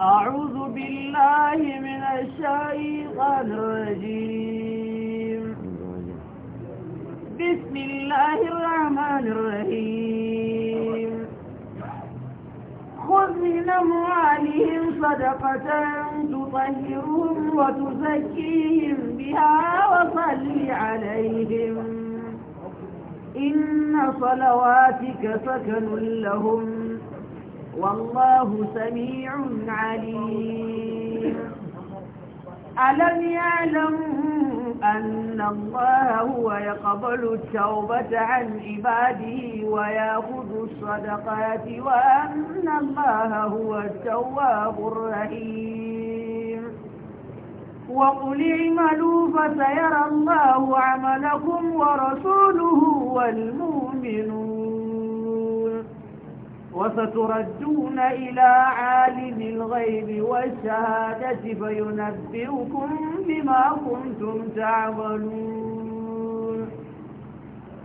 أعوذ بالله من الشيطان الرجيم بسم الله الرحمن الرحيم خذ من أموالهم صدقة تطهرهم وتزكيهم بها وصل عليهم إن صلواتك سكن لهم والله سميع عليم ألم يعلم أن الله هو يقبل التوبة عن عباده ويأخذ الصدقات وأن الله هو التواب الرحيم وقل اعملوا فسيرى الله عملكم ورسوله والمؤمنون وستردون إلى عالم الغيب والشهادة فينبئكم بما كنتم تعملون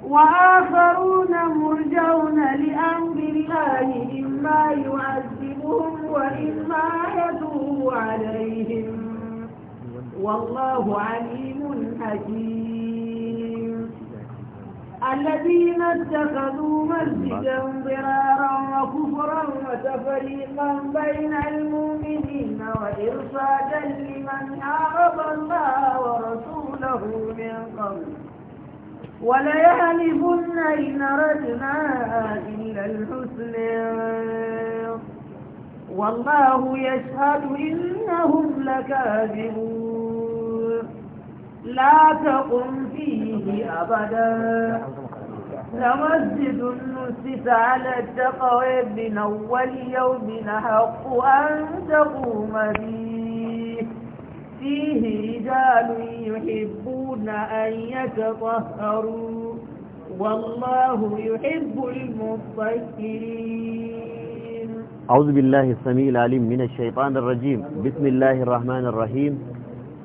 وآخرون مرجون لأمر الله إما يعذبهم وإما يتوب عليهم والله عليم حكيم الذين اتخذوا مسجدا ضرارا وكفرا وتفريقا بين المؤمنين وإرصادا لمن أعرض الله ورسوله من قبل وليعرفن إن ردنا إلا الحسنى والله يشهد إنهم لكاذبون لا تقم فيه أبدا لمسجد نسس على التقوى من أول يوم حق أن تقوم فيه فيه رجال يحبون أن يتطهروا والله يحب المطهرين أعوذ بالله السميع العليم من الشيطان الرجيم بسم الله الرحمن الرحيم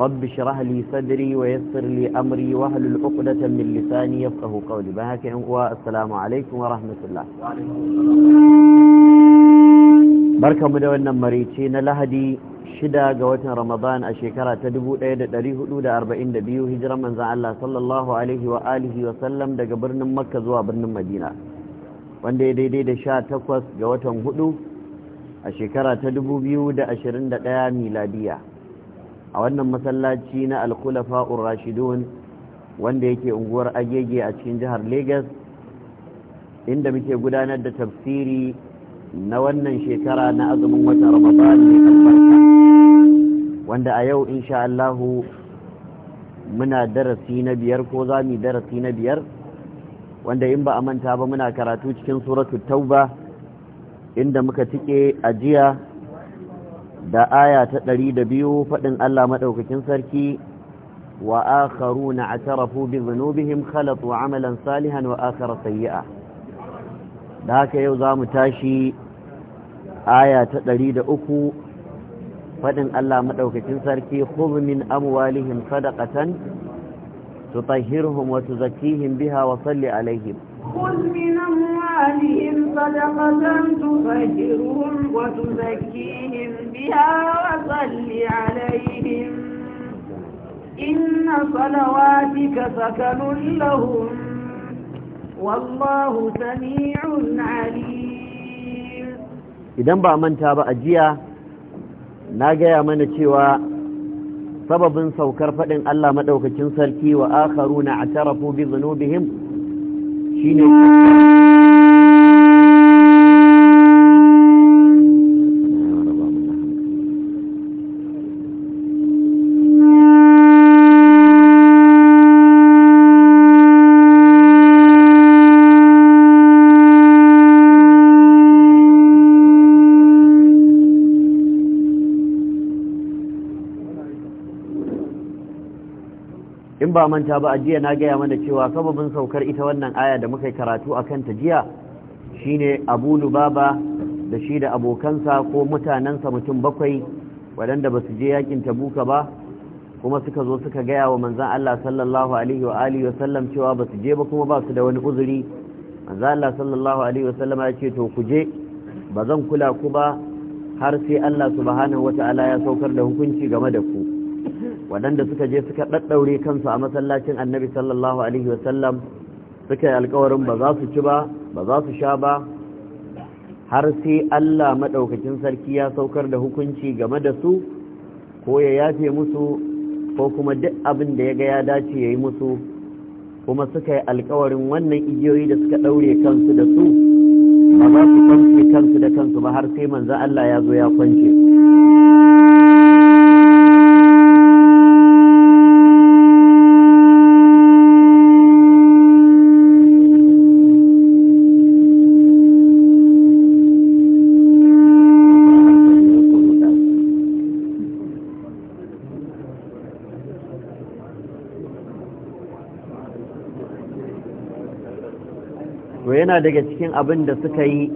rabbi shrah li sadri wa yassir li amri wa hlul 'uqdatan min lisani yafqahu qawli ba haka yan uwa assalamu alaikum wa rahmatullah barkamu da wannan maraice na lahadi shida ga watan ramadan a shekara ta 1442 hijiran manzan Allah sallallahu alaihi wa wa sallam daga birnin makka zuwa birnin madina wanda ya daidai da sha takwas ga watan hudu a shekara ta da 2021 miladiya a wannan masallaci na alkulafa rashidun wanda yake unguwar agege a cikin jihar lagos inda muke gudanar da tafsiri na wannan shekara na azumin wata ramadan mai albarka wanda a yau insha Allahu muna darasi na biyar ko za mu darasi na biyar wanda in ba a manta ba muna karatu cikin suratu tauba inda muka tike ajiya da aya ta ɗari da biyu faɗin Allah maɗaukakin sarki wa na atarafu bi dhunubihim khalatu amalan salihan wa akhara sayyi'a da haka yau za mu tashi aya ta ɗari da uku faɗin Allah maɗaukakin sarki khudh min amwalihim sadaqatan tutahhirhum wa tuzakkihim biha wa salli alaihim أموالهم صدقة تفجرهم وتزكيهم بها وصل عليهم إن صلواتك سكن لهم والله سميع عليم إذا ba manta ba ajiya na gaya mana cewa sababin saukar faɗin Allah maɗaukacin sarki wa akharuna atarafu bi dhunubihim shine ba manta ba a jiya na gaya mana cewa sababin saukar ita wannan aya da muka karatu a kan ta jiya shine abu lubaba da shi da abokansa ko mutanensa mutum bakwai waɗanda ba su je yakin tabuka ba kuma suka zo suka gaya wa manzan Allah sallallahu alaihi wa alihi wasallam cewa ba su je ba kuma ba su da wani uzuri manzan Allah sallallahu alaihi wasallam ya ce to ku je ba zan kula ku ba har sai Allah subhanahu wata'ala ya saukar da hukunci game da ku waɗanda suka je suka ɗaɗɗaure kansu a masallacin annabi sallallahu alaihi wasallam suka yi alkawarin ba za su ci ba ba za su sha ba har sai Allah maɗaukacin sarki ya saukar da hukunci game da su ko ya yafe musu ko kuma duk abin da ya ga ya dace ya yi musu kuma suka yi alkawarin wannan igiyoyi da suka ɗaure kansu da su ba za su kwanci kansu da kansu ba har sai manzan Allah ya zo ya kwance yana daga cikin abin da suka yi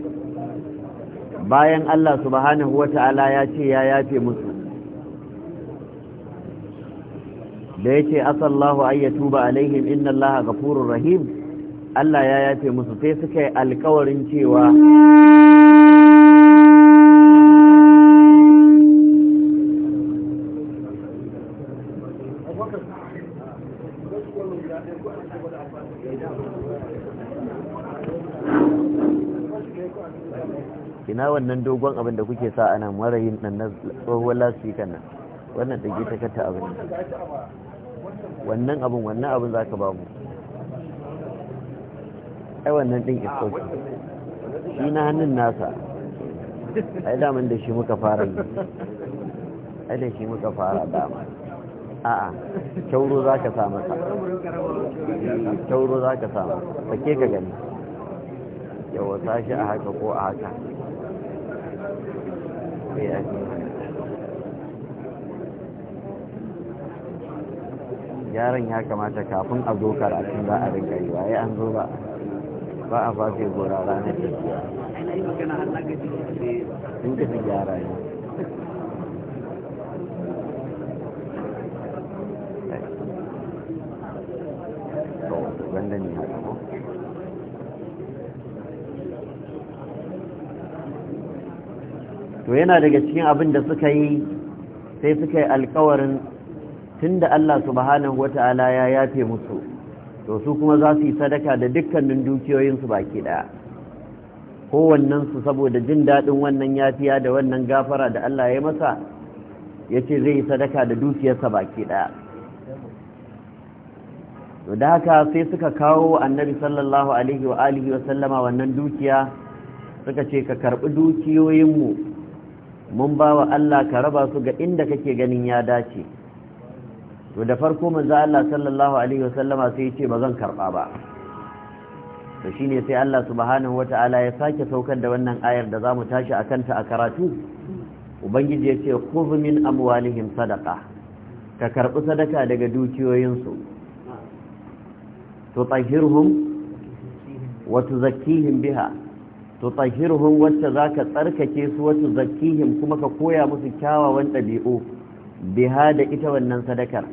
bayan Allah subhanahu wata'ala ya ce ya yafe musu da ya ce asallahu ayyatu ba alaihim inna Allah ga rahim Allah ya yafe musu sai suka yi alkawarin cewa wannan dogon abin da kuke sa ana marayin nan na tsohuwar lasfikan nan wannan da ta kata abin wannan abin wannan abin za ka babu ai wannan ɗin iskoki shi na hannun nasa ai damar da shi muka fara yi ai da shi muka fara dama a'a kyauro za ka sa ka kyauro za ka sa masa ka gani yawa sashi a haka ko a haka yaron ya kamata kafin a zo karatun za a rinka yi waye an zo ba ba a fashe gora ranar tafiya sun gyara ne wanda ne haka yana daga cikin abin da suka yi sai suka yi alkawarin da Allah subhanahu wata'ala ya yafe musu to su kuma za su yi sadaka da dukkanin dukiyoyinsu baki ɗaya kowannen saboda jin daɗin wannan yafiya da wannan gafara da Allah ya masa ya ce zai yi sadaka da dukiyarsa baki ɗaya to da haka sai suka kawo annabi sallallahu alaihi wa alihi wa sallama wannan dukiya suka ce ka karɓi dukiyoyinmu mun ba wa Allah ka raba su ga inda kake ganin ya dace to da farko manzo Allah sallallahu alaihi wasallama sai ya ce ba zan karba ba to shine sai Allah subhanahu wataala ya sake saukar da wannan ayar da zamu tashi akan ta a karatu ubangiji ya ce khudh min amwalihim sadaqa ka karbi sadaka daga dukiyoyinsu to tahirhum wa tuzakkihim biha tsahirhun wacce za zaka tsarkake su wacce zakihim kuma ka koya musu kyawawan ɗabi'u? biha da ita wannan sadakar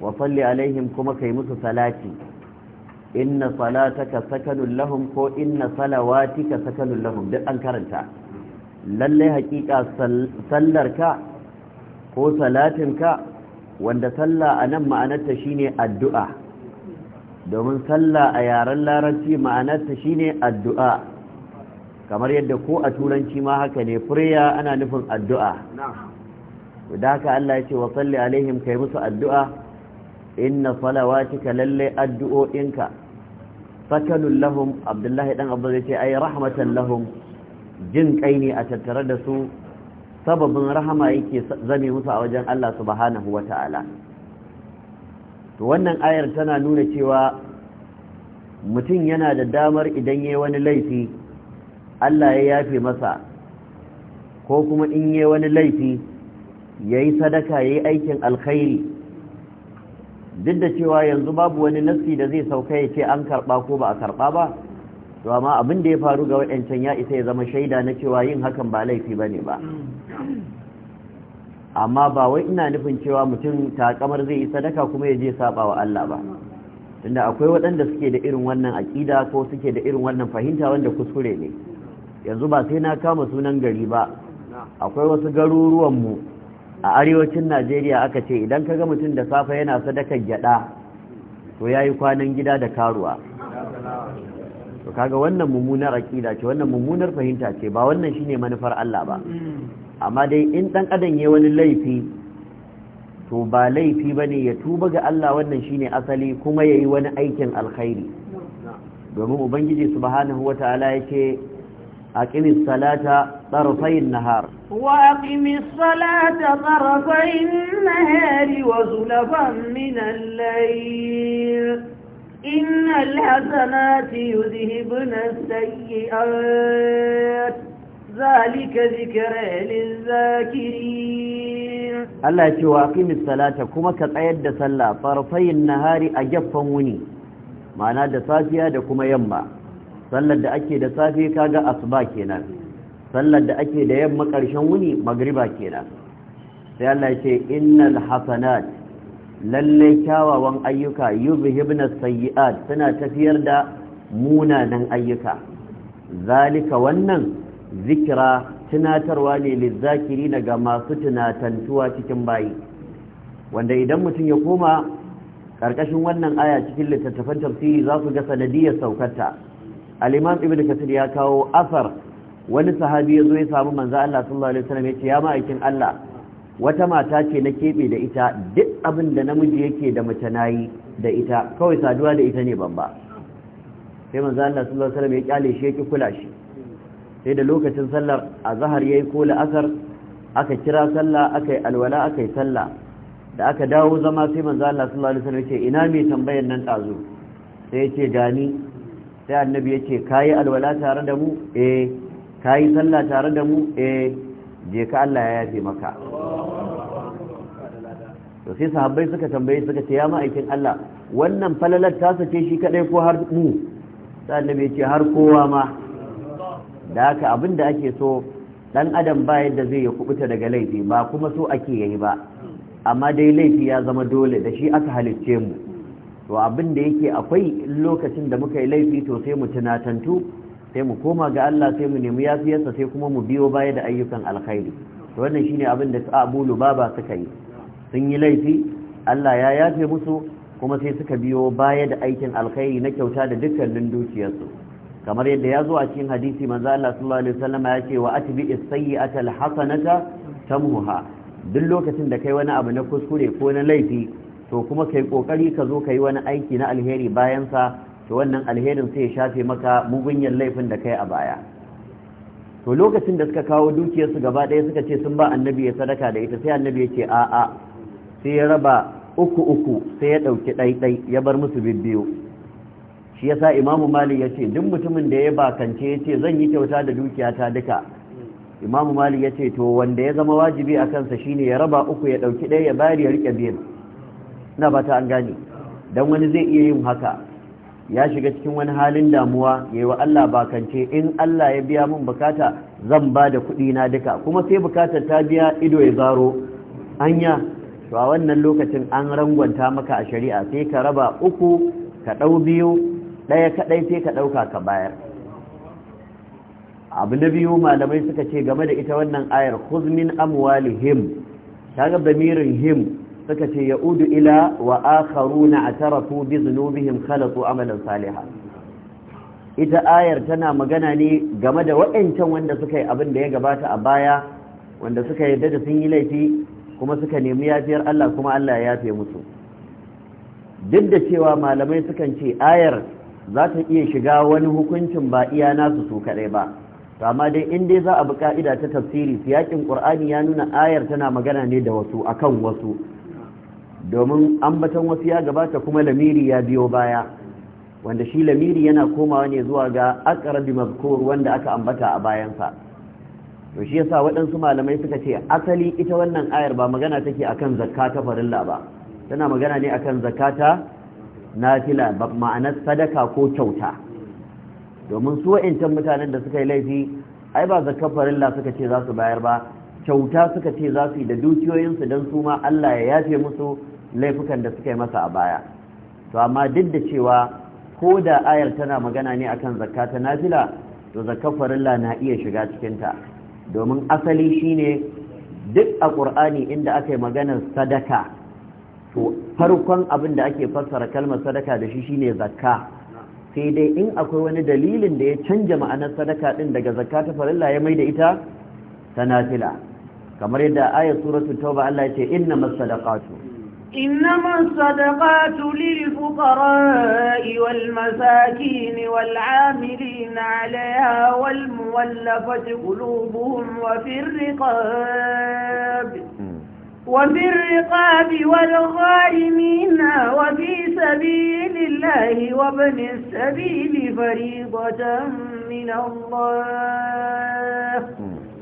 wa salli alaihim kuma kai musu salati inna salataka sakanun lahum ko inna salawatika sakanun lahum duk an karanta lalle hakika sallarka ko salatinka wanda sallah nan ma'anarta shine addu'a domin sallah a yaren larabci ma'anarta shine addu'a kamar yadda ko a turanci ma haka ne prayer ana nufin addu'a da haka Allah ya ce wa salli alaihim kai musu addu'a inna salawatika lalle addu'o'inka sakanun lahum abdullahi dan abu zai ce ai rahmatan lahum jin kai ne a tattare da su sababin rahama yake zame musu a wajen Allah subhanahu wata'ala to wannan ayar tana nuna cewa mutum yana da damar idan yayi wani laifi Allah ya yafe masa ko kuma in yi wani laifi ya yi sadaka ya yi aikin alkhairi duk da cewa yanzu babu wani nassi da zai sauka ya ce an karɓa ko ba a karɓa ba to amma abin da ya faru ga waɗancan ya isa ya zama shaida na cewa yin hakan ba laifi ba ne ba amma ba wai ina nufin cewa mutum ta kamar zai yi sadaka kuma ya je saba wa Allah ba tunda akwai waɗanda suke da irin wannan aƙida ko suke da irin wannan fahimta wanda kuskure ne yanzu ba sai na kama sunan gari ba akwai wasu garuruwanmu a arewacin najeriya aka ce idan ka ga mutum da safe yana sadakar gyada to ya yi kwanan gida da karuwa to kaga wannan mummunar aƙida ce wannan mummunar fahimta ce ba wannan shine manufar Allah ba amma dai in dan adam ya wani laifi to ba laifi ba ne ya tuba ga Allah wannan shine asali kuma ya yi wani aikin alkhairi domin ubangiji subhanahu ta'ala ya ce أقم الصلاة طرفي النهار وأقم الصلاة طرفي النهار وزلفا من الليل إن الحسنات يذهبن السيئات ذلك ذكرى للذاكرين الله يتوى أقم الصلاة كما كتعيد صلاة طرفي النهار أجفا وني معنى دساتيا دكما يمّا sallar da ake da safe kaga asuba kenan sallar da ake da yamma ƙarshen wuni magriba kenan sai Allah ya ce innal hasanat lalle kyawawan ayyuka yuzhibna sayyi'at suna tafiyar da munanan ayyuka zalika wannan zikira tunatarwa ne lizzakirina ga masu tunatantuwa cikin bayi wanda idan mutum ya koma ƙarƙashin wannan aya cikin littattafan tafsiri za su ga sanadiyar saukarta al-imam ibnu kasir ya kawo asar wani sahabi yazo ya samu manzo Allah sallallahu alaihi wasallam ya ya ma'aikin Allah wata mata ce na kebe da ita duk abin da namiji yake da mace nayi da ita kawai saduwa da ita ne bamba sai manzo Allah sallallahu alaihi wasallam ya kyale shi yake kula shi sai da lokacin sallar azhar yayi ko la'asar aka kira sallah aka yi alwala aka yi sallah da aka dawo zama sai manzo Allah sallallahu alaihi wasallam ya ce ina mai tambayar nan tazo sai ya ce gani sai annabi ya ce ka alwala tare da mu eh ka yi sallah tare da mu eh je ka Allah ya yafe maka to sai sahabbai suka tambaye suka ce ya ma'aikin Allah wannan falalar ta sace shi kadai ko har mu sai annabi ya ce har kowa ma da haka abin ake so dan adam ba yadda zai ya kubuta daga laifi ba kuma so ake yayi ba amma dai laifi ya zama dole da shi aka halicce mu to abin da yake akwai lokacin da muka yi laifi to sai mu tunatantu sai mu koma ga Allah sai mu nemi yafiyarsa sai kuma mu biyo baya da ayyukan alkhairi to wannan shine abin da Abu Lubaba suka yi sun yi laifi Allah ya yafe musu kuma sai suka biyo baya da aikin alkhairi na kyauta da dukkanin dukiyarsu kamar yadda ya zo a cikin hadisi manzo Allah sallallahu alaihi wasallam ya ce wa atbi as-sayyi'ata al-hasanata tamuha duk lokacin da kai wani abu na kuskure ko na laifi to kuma kai kokari ka zo kai wani aiki na alheri bayan sa to wannan alherin sai ya shafe maka mugunyan laifin da kai a baya to lokacin da suka kawo dukiyar su gaba ɗaya suka ce sun ba annabi ya sadaka da ita sai annabi ya ce a'a sai ya raba uku uku sai ya ɗauki dai ya bar musu bibiyo. shi yasa imamu malik ya ce duk mutumin da ya bakance ya ce zan yi kyauta da dukiyata duka imamu malik ya ce to wanda ya zama wajibi a kansa shine ya raba uku ya ɗauki ɗaya ya bari ya rike biyu ina ba ta an gane don wani zai iya yin haka ya shiga cikin wani halin damuwa ya yi wa Allah bakance in Allah ya biya mun bukata zan ba da kuɗi na duka kuma sai bukata ta biya ido ya zaro anya to a wannan lokacin an rangwanta maka a shari'a sai ka raba uku ka ɗau biyu ɗaya kaɗai sai ka ɗauka ka bayar abu na biyu malamai suka ce game da ita wannan ayar huzmin amwalihim ta ga damirin him suka ce ya udu ila wa akharuna su bi zunubihim khalatu amalan saliha ita ayar tana magana ne game da waɗancan wanda suka yi abin da ya gabata a baya wanda suka yarda da sun yi laifi kuma suka nemi yafiyar Allah kuma Allah ya yafe musu duk da cewa malamai sukan ce ayar za ta iya shiga wani hukuncin ba iya nasu su kaɗai ba to amma dai in dai za a bi ka'ida ta tafsiri siyakin ƙur'ani ya nuna ayar tana magana ne da wasu akan wasu domin ambaton wasu ya gabata kuma lamiri ya biyo baya wanda shi lamiri yana komawa ne zuwa ga aqrabi mazkur wanda aka ambata a bayansa to shi yasa waɗansu malamai suka ce asali ita wannan ayar ba magana take akan zakka ta farilla ba tana magana ne akan zakata nafila ba ma'anar sadaka ko kyauta domin su wa'incan mutanen da suka yi laifi ai ba zakka farilla suka ce za su bayar ba kyauta suka ce za su yi da dukiyoyinsu don su ma Allah ya yafe musu laifukan da suka yi masa a baya to amma duk da cewa ko da ayar tana magana ne akan zakka ta nafila to zakka farilla na iya shiga cikinta domin asali shi ne duk a ƙur'ani inda aka yi maganar sadaka to farkon abin da ake fassara kalmar sadaka da shi shi ne zakka sai dai in akwai wani dalilin da ya canja ma'anar sadaka ɗin daga zakka ta farilla ya mai da ita ta nafila kamar yadda ayat suratul tauba Allah ya ce innamas masadaqatu. innamas masadaqatu lil fuqara'i wal masakin wal 'amilin 'alayha wal muwallafati qulubuhum wa fir riqab وفي الرقاب والغارمين وفي سبيل الله وابن السبيل فريضة من الله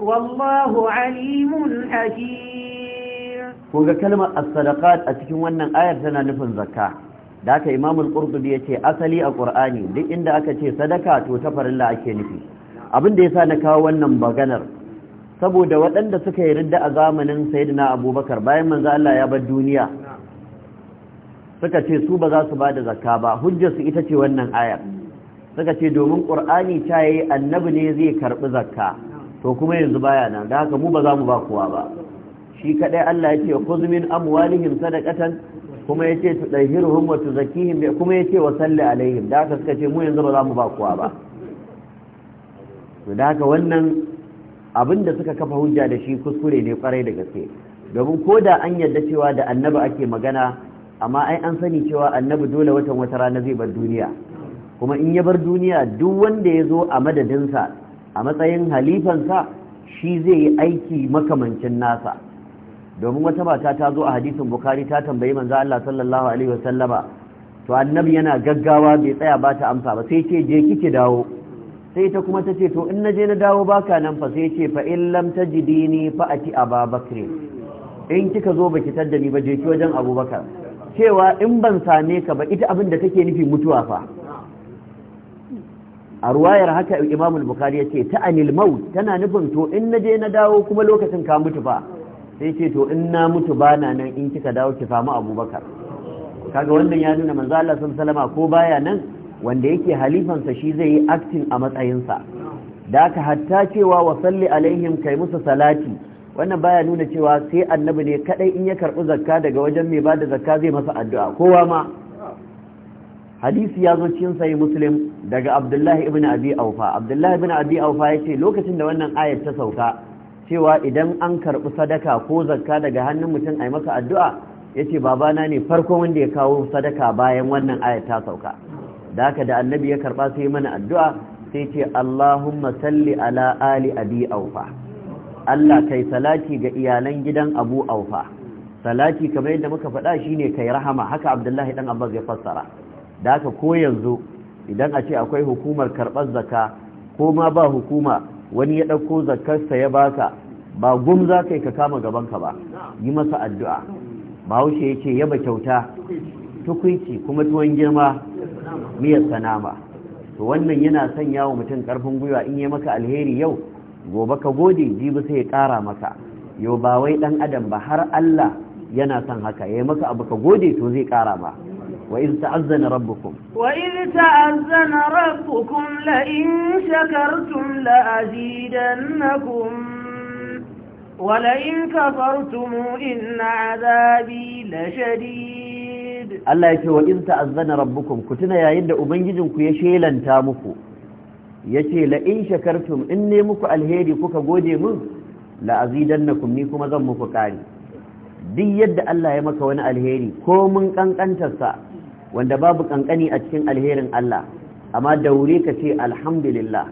والله عليم حكيم kunga kalmar as-sadaqat a cikin wannan ayar tana nufin zakka da haka imamu al-Qurtubi yace asali a Qur'ani duk inda aka ce sadaka to ta farilla ake nufi abin da yasa na kawo wannan maganar saboda waɗanda suka yi ridda a zamanin Sayyidina Abubakar bayan manzo Allah ya bar duniya suka ce su ba za su bada zakka ba hujjar su ita ce wannan ayar suka ce domin Qur'ani ta yi annabi ne zai karbi zakka to kuma yanzu baya nan da haka mu ba za mu ba kowa ba shi kadai Allah yake kuzmin amwalihim sadaqatan kuma yake tudahiruhum wa tuzakihim kuma yake wa salli alaihim da haka suka ce mu yanzu ba za mu ba kowa ba to da haka wannan abinda suka kafa hujja da shi kuskure ne kwarai da gaske domin ko da an yarda cewa da annabi ake magana amma ai an sani cewa annabi dole watan wata rana zai bar duniya kuma in ya bar duniya duk wanda ya zo a madadinsa a matsayin halifansa shi zai yi aiki makamancin nasa domin wata mata ta zo a hadisin bukari ta tambayi manzo Allah sallallahu alaihi wasallama to annabi yana gaggawa bai tsaya ba ta amsa ba sai ce je kike dawo sai ta kuma ta ce to in na je na dawo baka nan fa sai ce fa in lam tajidini fa ati ababakr in kika zo baki tadda ni ba je ki wajen abubakar cewa in ban same ka ba ita abin da take nufi mutuwa fa a ruwayar haka imamul bukhari ya ce ta anil maut tana nufin to in na je na dawo kuma lokacin ka mutu fa sai ce to in na mutu ba na nan in kika dawo ki samu abubakar kaga wannan ya nuna manzo Allah salama ko baya nan wanda yake halifan sa shi zai yi acting a matsayinsa da ka hatta cewa wa salli alaihim kai musu salati wannan baya nuna cewa sai annabi ne kadai in ya karbi zakka daga wajen mai bada zakka zai masa addu'a kowa ma hadisi ya zo cikin sayi muslim daga abdullahi ibn abi aufa abdullahi ibn abi aufa ce lokacin da wannan ayat ta sauka cewa idan an karɓi sadaka ko zakka daga hannun mutum ai masa addu'a yace babana ne farko wanda ya kawo sadaka bayan wannan ayat ta sauka da haka da annabi ya karɓa sai mana addu'a sai ce Allahumma salli ala ali abi aufa Allah kai salati ga iyalan gidan Abu Aufa salati kamar yadda muka faɗa shine kai rahama haka Abdullahi dan Abbas ya fassara da haka ko yanzu idan a ce akwai hukumar karɓar zaka ko ma ba hukuma wani ya ɗauko zakarsa ya baka ba gum za ka yi ka kama gabanka ba yi masa addu'a bahaushe ya ce yaba kyauta tukunci kuma tuwon girma miyar sanama to wannan yana sanya wa mutum ƙarfin gwiwa in yi maka alheri yau gobe ka gode jibi sai ya ƙara maka yau ba wai ɗan adam ba har Allah yana son haka ya yi maka abu ka gode to zai ƙara ba. وإذ تأذن ربكم وإذ تأذن ربكم لئن شكرتم لأزيدنكم ولئن كفرتم إن عذابي لشديد الله يقول وإذ تأذن ربكم كتنا يا يد أبنجدكم يشيلا تامكم yace la in shakartum in ne muku alheri kuka gode mun la azidannakum ni kuma zan muku kari duk yadda Allah ya maka wani alheri ko mun ƙanƙantarsa. wanda babu kankani a cikin alherin Allah amma daure ka ce alhamdulillah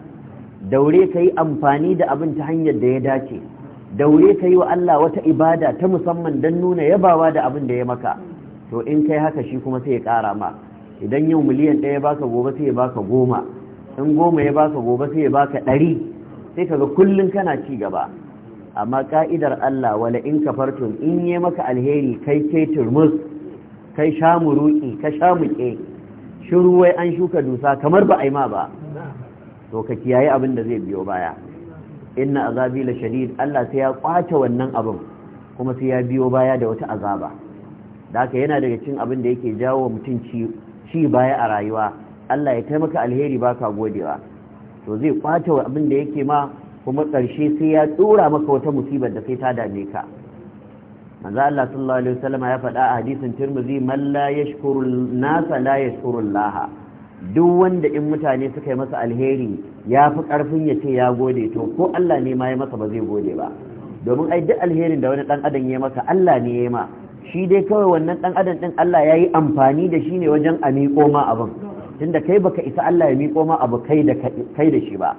daure ka yi amfani da abin ta hanyar da ya dace daure ka yi wa Allah wata ibada ta musamman don nuna yabawa da abin da ya maka to in kai haka shi kuma sai ya ƙara ma idan yau miliyan ɗaya baka gobe sai ya baka goma in goma ya baka gobe sai ya baka ɗari sai ka ga kullum kana ci gaba amma ka'idar Allah wala in kafartum in yi maka alheri kai kai turmus kai sha Ruƙi, ka sha ke shiru wai an shuka dusa kamar ba a yi ma ba to ka kiyaye abin da zai biyo baya inna azabi la shadid Allah sai ya kwace wannan abin kuma sai ya biyo baya da wata azaba da haka yana daga cikin abin da yake jawo mutum ci baya a rayuwa Allah ya kai maka alheri baka godewa to zai kwace abin da yake ma kuma ƙarshe sai ya tsora maka wata musibar da sai ta dame ka manzo Allah sallallahu alaihi wasallam ya faɗa a hadisin Tirmidhi man la yashkuru nasa la yashkuru Allah duk wanda in mutane suka yi masa alheri ya fi karfin ya ce ya gode to ko Allah ne ma ya masa ba zai gode ba domin ai duk alherin da wani dan adam ya masa Allah ne ya yi ma shi dai kawai wannan dan adam din Allah ya yi amfani da shi ne wajen a miƙo ma abin tunda kai baka isa Allah ya miƙo ma abu kai da kai da shi ba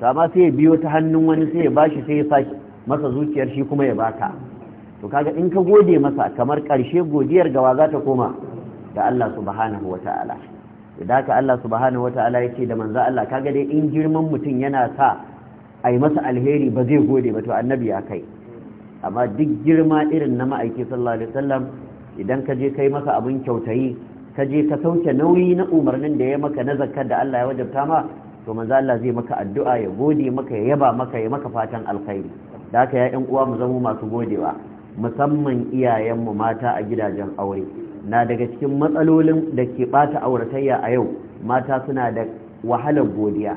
to amma sai ya biyo ta hannun wani sai ya bashi sai ya sa masa zuciyar shi kuma ya baka to kaga in ka gode masa kamar ƙarshe godiyar gawa za ta koma ga Allah subhanahu wa ta'ala da ka Allah subhanahu wa ta'ala ya ce da manza Allah kaga dai in girman mutum yana sa a yi masa alheri ba zai gode ba to annabi ya kai amma duk girma irin na ma'aiki sallallahu alaihi wasallam idan ka je kai masa abin kyautayi ka je ka sauke nauyi na umarnin da ya maka na zakkar da Allah ya wajabta ma to manzo Allah zai maka addu'a ya gode maka ya yaba maka ya maka fatan alkhairi da ka ya yan uwa mu zama masu godewa musamman iyayenmu mata a gidajen aure na daga cikin matsalolin da ke bata auratayya a yau mata suna da wahalar godiya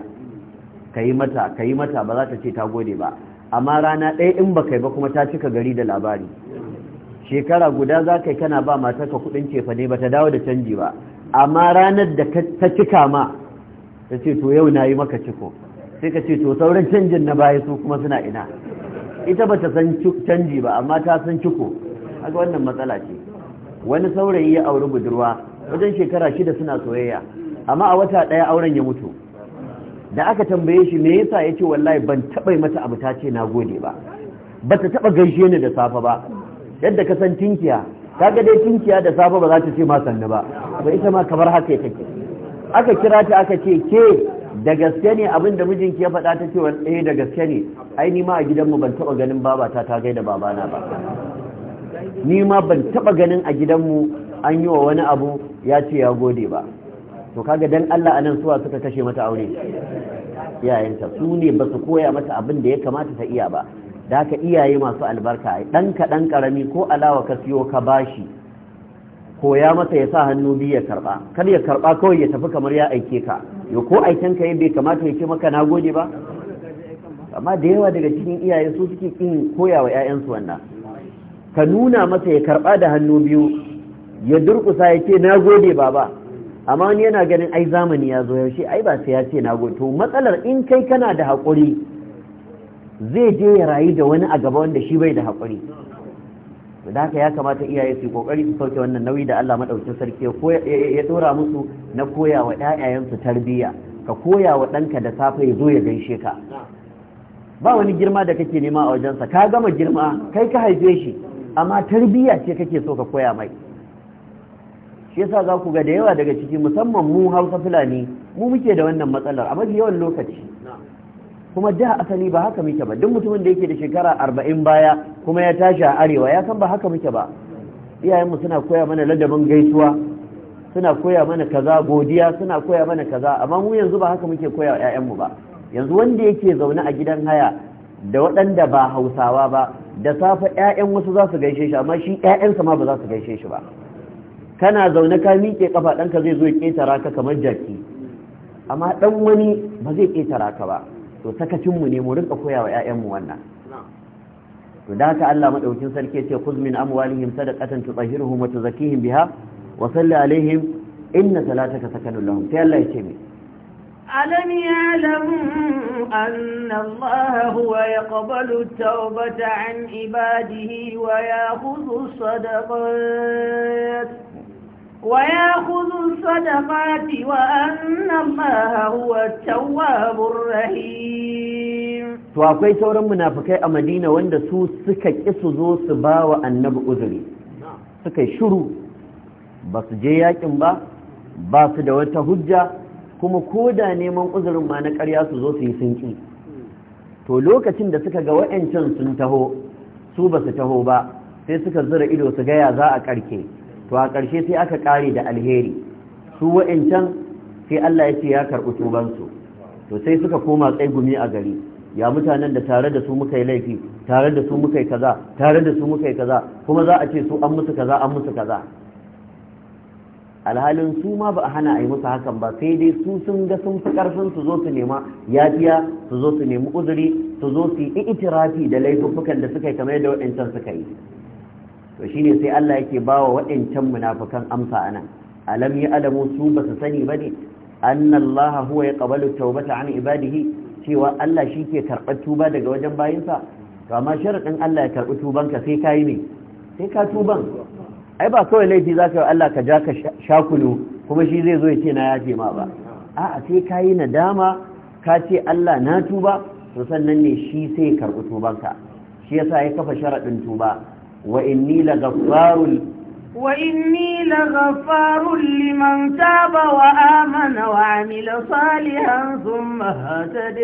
yi mata kayi mata ba za ta ce ta gode ba amma rana ɗaya in ba kai ba kuma ta cika gari da labari shekara guda za ka yi kana ba ka kuɗin cefa ne ba ta dawo da canji ba amma ranar da ta cika ma ta ce to yau na yi maka ciko sai ka ce to sauran canjin na baya su kuma suna ina ita ba ta san canji ba amma ta san ciko haka wannan matsala ce wani saurayi ya auri budurwa wajen shekara shida suna soyayya amma a wata ɗaya auren ya mutu da aka tambaye shi me yasa ya ce wallahi ban taɓa mata abu ta ce na gode ba ba ta taɓa gaishe ni da safe ba yadda ka san tinkiya kaga dai tinkiya da safe ba za ta ce ma sannu ba ba ita ma kamar haka ya take aka kira ta aka ce ke da gaske ne abin da mijinki ya faɗa ta cewa eh da gaske ne ai ni ma a gidanmu ban taɓa ganin babata ta gaida babana ba ni ma ban taɓa ganin a gidanmu an yi wa wani abu ya ce ya gode ba to kaga dan Allah anan suwa suka kashe mata aure iyayenta su ne ba su koya mata abin da ya kamata ta iya ba da haka iyaye masu albarka ɗan dan ƙarami ko alawa ka siyo ka bashi koya masa ya sa hannu biyu ya karba kar ya karba kawai ya tafi kamar ya aike ka yo ko aikin ka bai kamata ya ce maka na ba amma da yawa daga cikin iyaye su suke kin koya wa 'ya'yansu wannan ka nuna masa ya karba da hannu biyu ya durkusa ya ce na gode baba amma wani yana ganin ai zamani ya zo yaushe ai ba sai ya ce na to matsalar in kai kana da haƙuri zai je ya rayu da wani a gaba wanda shi bai da haƙuri da haka ya kamata iyaye su kokari su sauke wannan nauyi da Allah madaukakin sarki ya dora musu na koya wa 'ya'yansu tarbiyya ka koya wa ɗanka da safe ya zo ya gaishe ka ba wani girma da kake nema a wajen sa ka gama girma kai ka haife shi amma tarbiyya ce kake so ka koya mai shi yasa za ku ga da yawa daga ciki musamman mu hausa fulani mu muke da wannan matsalar a mafi yawan lokaci kuma da asali ba haka muke ba duk mutumin da yake da shekara arba'in baya kuma ya tashi a arewa ya san ba haka muke ba iyayenmu suna koya mana ladabin gaisuwa suna koya mana kaza godiya suna koya mana kaza amma mu yanzu ba haka muke koya wa ƴaƴanmu ba yanzu wanda yake zaune a gidan haya da waɗanda ba hausawa ba da safe ƴaƴan wasu za su gaishe shi amma shi ƴaƴansa ma ba za su gaishe shi ba kana zaune ka miƙe kafa ɗanka zai zo ya ƙetara ka kamar jaki amma ɗan wani ba zai ƙetara ka ba to sakacinmu ne mu rinka koya wa 'ya'yanmu wannan to da haka Allah madaukin sarki yace khuz min amwalihim sadaqatan tutahhiruhum wa tuzakkihim biha wa salli alaihim inna salataka sakanun lahum sai Allah ce me alam ya'lamu anna Allah huwa yaqbalu at-taubata 'an ibadihi wa ya'khudhu sadaqat ويأخذ الصدقات وأن الله هو التواب الرحيم to akwai sauran munafikai a Madina wanda su suka ƙi su zo su bawa annabi uzuri suka yi shiru ba su je yakin ba ba su da wata hujja kuma ko da neman uzurin ma na ƙarya su zo su yi sun to lokacin da suka ga wa'ancan sun taho su ba su taho ba sai suka zura ido su gaya za a ƙarke to a ƙarshe sai aka ƙare da alheri su wa'incan sai Allah ya ce ya karɓi tubansu to sai suka koma tsaigumi a gari ya mutanen da tare da su muka yi laifi tare da su muka yi kaza tare da su muka yi kaza kuma za a ce su an musu kaza an musu kaza alhalin su ma ba a hana a yi musu hakan ba sai dai su sun ga sun fi ƙarfin su zo su nema yafiya su zo su nemi uzuri su zo su yi itirafi da laifuffukan da suka yi kamar yadda waɗancan suka yi to shine sai Allah yake bawa waɗancan munafikan amsa anan alam ya alamu su basu sani ba ne annallaha huwa yaqbalu tawbata an ibadihi cewa Allah shi ke karɓar tuba daga wajen bayinsa to amma sharadin Allah ya karɓi tubanka sai kai ne sai ka tuban ai ba kawai laifi zaka yi Allah ka ja ka shakulu kuma shi zai zo ya ce na yafe ma ba a'a sai kai nadama ka ce Allah na tuba to sannan ne shi sai karɓi tubanka shi yasa ya kafa sharadin tuba وإني لغفار وإني لغفار لمن تاب وآمن وعمل صالحا ثم هتدي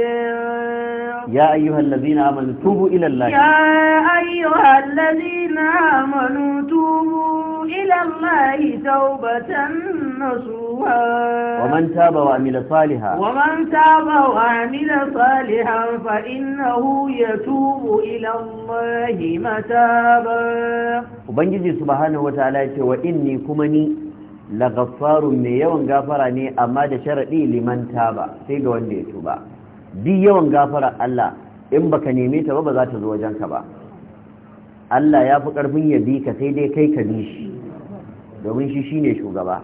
يا أيها الذين آمنوا توبوا إلى الله يا أيها الذين آمنوا توبوا إلى الله توبة نصوحا ومن تاب وعمل صالحا ومن تاب وعمل صالحا فإنه يتوب إلى الله متابا وبنجي سبحانه وتعالى وإني كمني لغفار من يوم غفرني أما شرعي لمن تاب سيد وندي توبا دي يوم غفر الله in baka neme ta ba ba za ta zo wajenka ba Allah ya fi ƙarfin ya bi ka sai dai kai ka bi shi domin shi shine shugaba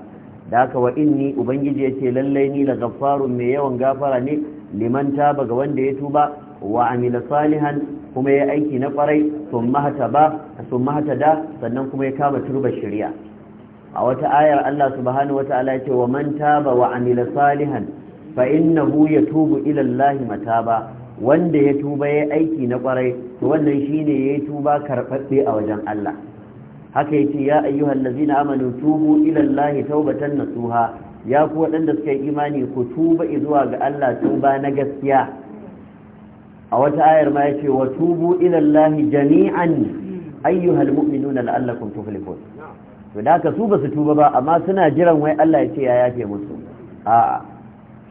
da haka wa inni ubangiji ya ce lallai ni la gaffarun mai yawan gafara ne liman taba ga wanda ya tuba wa amila salihan kuma ya aiki na kwarai sun mahata da sannan kuma ya kama turba shari'a a wata ayar Allah subhanahu wata'ala ya ce wa man taba wa amila salihan fa innahu yatubu ila Allah mataba wanda ya tuba ya aiki na kwarai to wannan shine ya tuba karɓaɓɓe a wajen Allah haka yace ya ayyuhal ladzina amanu tubu ila allahi taubatan nasuha ya ku waɗanda suka yi imani ku tuba zuwa ga Allah tuba na gaskiya a wata ayar ma yace wa tubu ila allahi jami'an ayyuhal mu'minuna la'allakum tuflihun to da haka su ba su tuba ba amma suna jiran wai Allah ya ce ya yafe musu a'a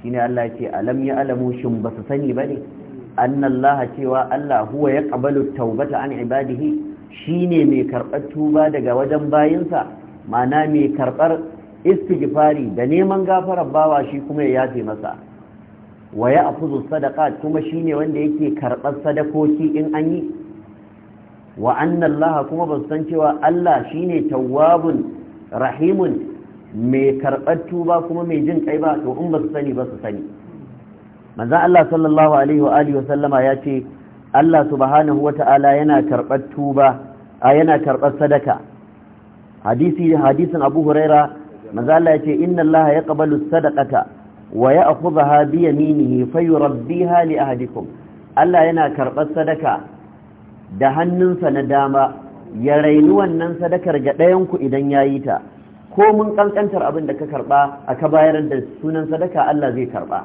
shine Allah ya ce alam ya alamu shin ba su sani bane anna Allah cewa Allah huwa yaqbalu tawbata an ibadihi Shi ne mai karɓar tuba daga wajen bayinsa mana mai karɓar istighfari da neman gafarar bawa shi kuma ya yafe masa wa ya afuzu sadaka kuma shi ne wanda yake karɓar sadakoki in an yi wa anna allaha kuma ba san cewa Allah shi ne tawwabun rahimun mai karɓar tuba kuma mai jin kai ba to in ba su sani ba su sani manzo Allah sallallahu alaihi wa alihi wa sallama ya ce Allah subhanahu ta'ala yana karɓar tuba a yana karɓar sadaka hadisi hadisin Abu Huraira manzo ya yace inna Allah yaqbalu sadaqata wa ya'khudha bi rabbi hali a ahadikum Allah yana karɓar sadaka da hannunsa na dama ya raini wannan sadakar ga ɗayanku idan idan yayi ta ko mun kankantar abin da ka a aka bayar da sunan sadaka Allah zai karɓa?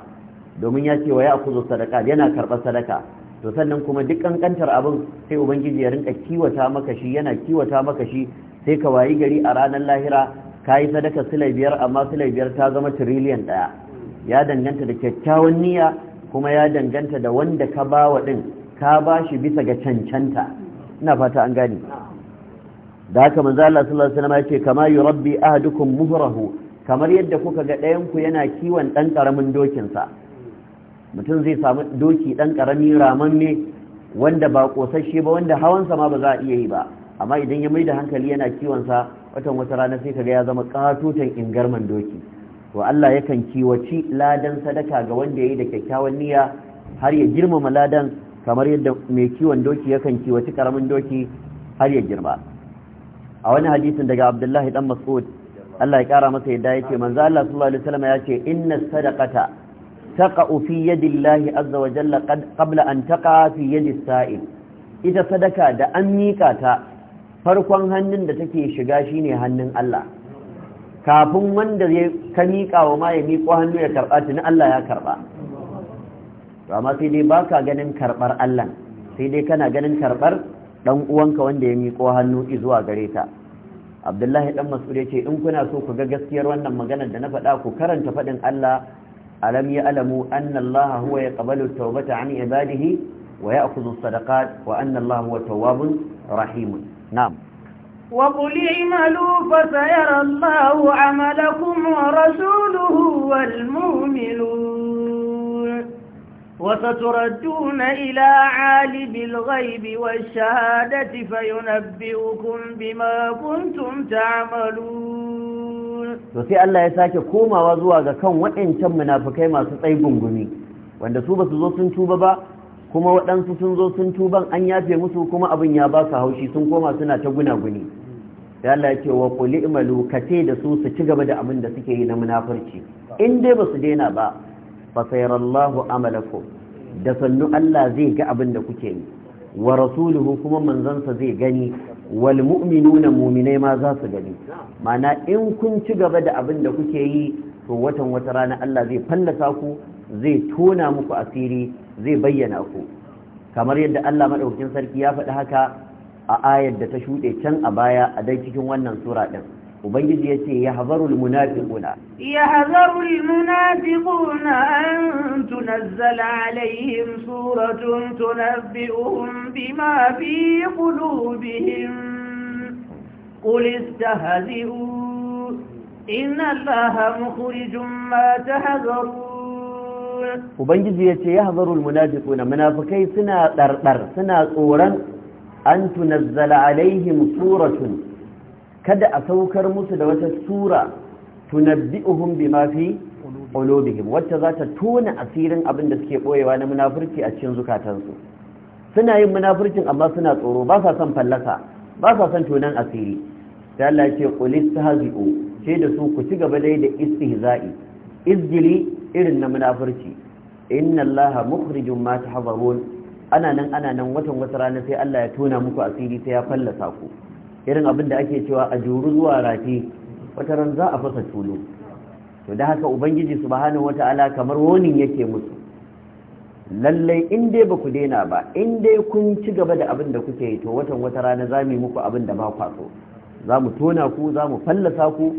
domin ya ce wa ya akuzo sadaka yana karɓar sadaka to sannan kuma duk kankantar abin sai ubangiji ya rinka kiwata maka shi yana kiwata maka shi sai ka wayi gari a ranar lahira ka yi sadaka sila biyar amma sila biyar ta zama tiriliyan ɗaya ya danganta da kyakkyawan niyya kuma ya danganta da wanda ka ba wa ɗin ka ba shi bisa ga cancanta ina fata an gane da haka manzo Allah sallallahu alaihi wasallam ya kama yurabbi ahadukum muhrahu kamar yadda kuka ga ɗayan ku yana kiwon ɗan ƙaramin dokinsa mutum zai samu doki ɗan ƙarami ramanne wanda ba ƙosashe ba wanda hawansa ma ba za a iya yi ba amma idan ya mai da hankali yana kiwonsa watan wata rana sai kaga ya zama ƙatoton ingarman doki to Allah yakan kiwaci ladan sadaka ga wanda ya yi da kyakkyawan niyya har ya girmama ladan kamar yadda mai kiwon doki yakan kiwaci ƙaramin doki har ya girma a wani hadisin daga Abdullahi dan Mas'ud Allah ya kara masa yadda yake manzo Allah sallallahu alaihi wasallam ya ce inna sadaqata taqa'u fi yadillahi azza wa jalla qabla an taqa fi yadis sa'il ita sadaka da an mika ta farkon hannun da take shiga shine hannun Allah kafin wanda zai ka mika wa ma ya miko hannu ya karɓa ni Allah ya karɓa to amma sai dai baka ganin karɓar Allah sai dai kana ganin karɓar dan uwanka wanda ya miko hannu zuwa gare ta abdullahi dan mas'ud yace in kuna so ku ga gaskiyar wannan maganar da na faɗa ku karanta faɗin Allah ألم يألموا أن الله هو يقبل التوبة عن عباده ويأخذ الصدقات وأن الله هو تواب رحيم نعم وقل اعملوا فسيرى الله عملكم ورسوله والمؤمنون وستردون إلى عالم الغيب والشهادة فينبئكم بما كنتم تعملون to sai Allah ya sake komawa zuwa ga kan waɗancan munafukai masu tsayi gungumi wanda su ba su zo sun tuba ba kuma waɗansu sun zo sun tuban an yafe musu kuma abin ya ba su haushi sun koma suna ta gunaguni sai Allah ya ce wa qul i'malu kace da su su ci gaba da abin da suke yi na munafurci in dai ba su daina ba fa sayarallahu amalakum da sannu Allah zai ga abin da kuke yi wa rasuluhu kuma manzansa zai gani wal mu'minuna mu'minai ma za su gani mana in kun ci gaba da abin da kuke yi to watan wata rana Allah zai fallasa ku zai tona muku asiri zai bayyana ku kamar yadda Allah madaukakin sarki ya faɗi haka a ayar da ta shuɗe can a baya a dai cikin wannan sura ɗin ubangiji ya ce ya hazarul munafiquna ya hazarul munafiquna an نزل عليهم سورة تنبئهم بما في قلوبهم قل استهزئوا إن الله مخرج ما تحذرون وبنجزية يحذر المنافقون منافكي سنة تردر سنة قورا أن تنزل عليهم سورة كدأ سوكر مسل وتسورة تنبئهم بما في qulubihim wacce za ta tona asirin abin da suke boyewa na munafurci a cikin zukatansu suna yin munafurcin amma suna tsoro ba sa son fallasa ba sa son tonan asiri sai Allah ya ce qul istahzi'u ce da su ku ci gaba dai da istihza'i izjili irin na munafurci inna Laha, mukhrijum ma tahzarun ana nan ana nan watan wata rana sai Allah ya tona muku asiri sai ya fallasa ku irin abin da ake cewa a juru zuwa rafi wata ran za a fasa tulu to da haka ubangiji subhanahu wata'ala kamar wonin yake musu lallai in dai baku daina ba in dai kun ci gaba da abin da kuke yi to watan wata rana za muku abin da ba ku so za tona ku zamu fallasa ku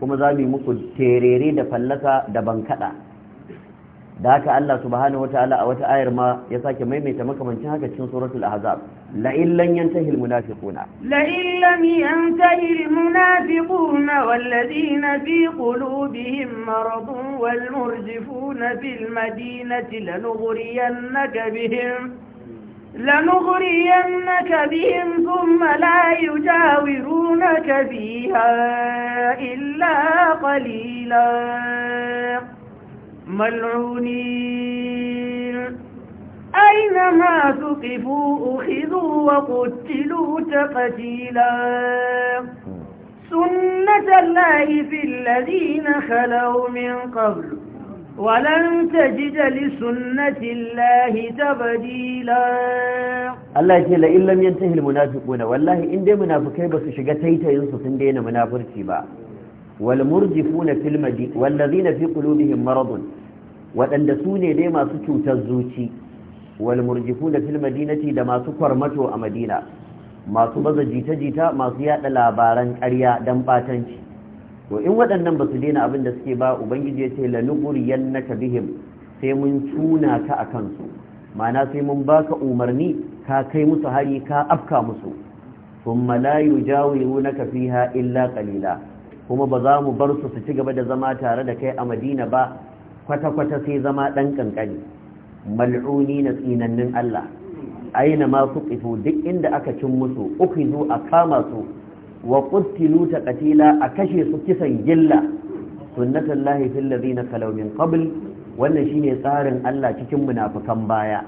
kuma za muku terere da fallasa da kaɗa. da haka Allah subhanahu wata'ala a wata ayar ma ya sake maimaita makamancin haka cikin suratul ahzab لئن لم ينتهي المنافقون لئن لم ينتهي المنافقون والذين في قلوبهم مرض والمرجفون في المدينة لنغرينك بهم لنغرينك بهم ثم لا يجاورونك فيها إلا قليلا ملعونين أينما تقفوا أخذوا وقتلوا تقتيلا سنة الله في الذين خلوا من قبل ولن تجد لسنة الله تبديلا الله يقول إن لم ينتهي المنافقون والله إن دي منافقين بس شغتيتا ينصف إن دينا منافرتي با والمرجفون في المدينة والذين في قلوبهم مرض وأن دسوني دي ما سكوا تزوتي wal murjifuna fil madinati da masu kwarmato a madina masu baza jita-jita masu yada labaran karya dan batanci to in waɗannan ba su daina abin da suke ba ubangiji ya ce naka bihim sai mun tuna ka a kansu, mana sai mun baka umarni ka kai musu hari ka afka musu thumma la na fiha illa qalila kuma ba za mu bar su su ci gaba da zama tare da kai a Madina ba kwata-kwata sai zama ɗan ƙanƙani. mal'uni na tsinannin Allah aina ma suqifu duk inda aka cin musu ukhizu a kama su wa ta katila a kashe su kisan gilla sunnatullahi fil ladina khalaw min qabl wannan shine tsarin Allah cikin munafikan baya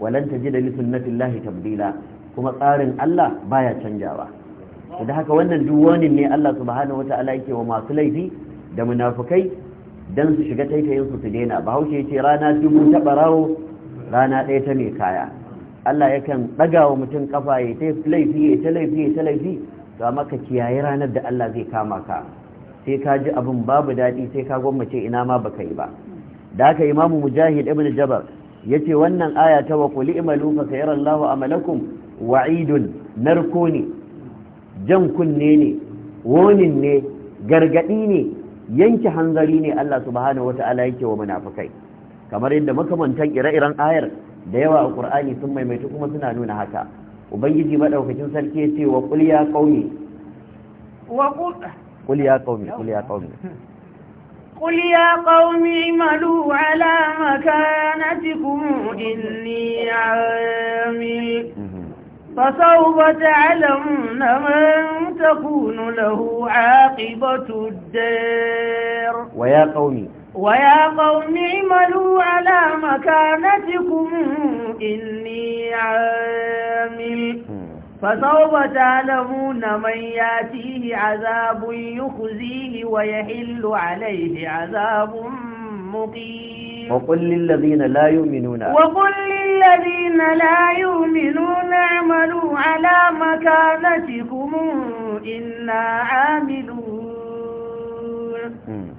walan tajida li sunnatillahi tabdila kuma tsarin Allah baya canjawa da haka wannan duk wani ne Allah subhanahu wataala yake wa masu laifi da munafikai don su shiga taitayin su su daina bahaushe ce rana dubu ta barawo rana ɗaya ta mai kaya Allah ya kan ɗaga wa mutum kafa ya ta laifi ya ta laifi ya ta laifi to amma ka kiyaye ranar da Allah zai kama ka sai ka ji abin babu daɗi sai ka gwammace ina ma baka yi ba da haka imamu mujahid ibn jabar yace wannan aya ta wa kuli imalu fa sayarallahu amalakum wa'idun narko ne jan kunne ne wonin ne Gargaɗi ne yanke hanzari ne Allah subhanahu wata'ala yake wa munafikai kamar yadda makamantan ire-iren ayar da yawa a Qur'ani sun maimaita kuma suna nuna haka ubangiji madaukakin sarki yace ce wa qul ya qaumi wa qul ya qaumi qul ya qaumi قل يا قوم اعملوا على مكانتكم إني عامل فسوف تعلمون من تكون له عاقبة الدير ويا قومي ويا قوم اعملوا على مكانتكم إني عامل فسوف تعلمون من ياتيه عذاب يخزيه ويحل عليه عذاب مقيم وقل للذين لا يؤمنون وقل للذين لا يؤمنون اعملوا على مكانتكم إنا عاملون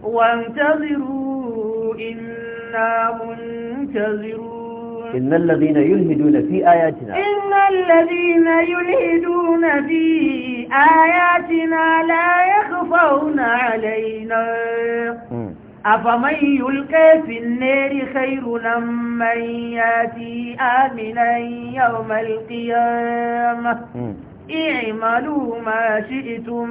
وانتظروا إنا منتظرون إن الذين يلهدون في آياتنا إن الذين يلهدون في آياتنا لا يخفون علينا أفمن يلقى في النار خير من ياتي آمنا يوم القيامة اعملوا ما شئتم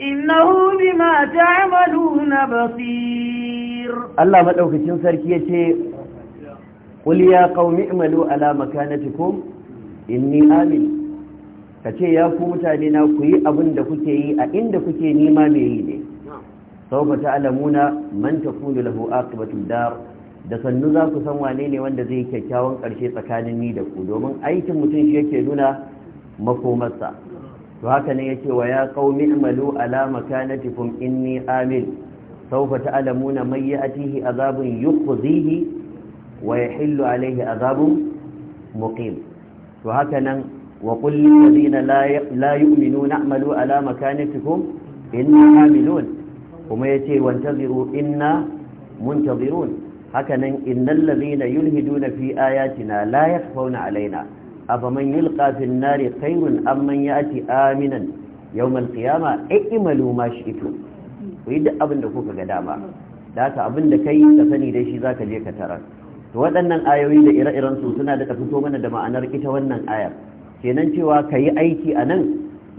إنه بما تعملون بصير الله مدعوك تنسر كيتي قل يا قوم اعملوا على مكانتكم إني آمن kace ya ku mutane na ku yi abin da kuke yi a inda kuke nima mai yi ne سوف تعلمون من تكون له عاقبة الدار da sannu za ku san wane ne wanda zai kyakkyawan ƙarshe tsakanin ni da ku domin aikin mutum shi yake nuna makomarsa to haka ne yake wa ya qaumi amalu ala makanatikum inni amil sawfa ta'lamuna man ya'tihi azabun yukhzihi wa yahillu alayhi azabun muqim to haka nan wa qul lil ladina la yu'minuna amalu ala makanatikum inni amilun kuma ya ce wantaziru inna muntazirun hakanan innal ladhina yulhiduna fi ayatina la yakhfawna alaina afaman yulqa fil nari khayrun amman ya'ti aminan yawmal qiyama i'malu ma shi'tum ku duk abin da kuka ga dama da ka abin da kai ka sani dai shi zaka je ka tarar to waɗannan ayoyi da ire-iren su suna da fito mana da ma'anar ita wannan ayar kenan cewa ka yi aiki a nan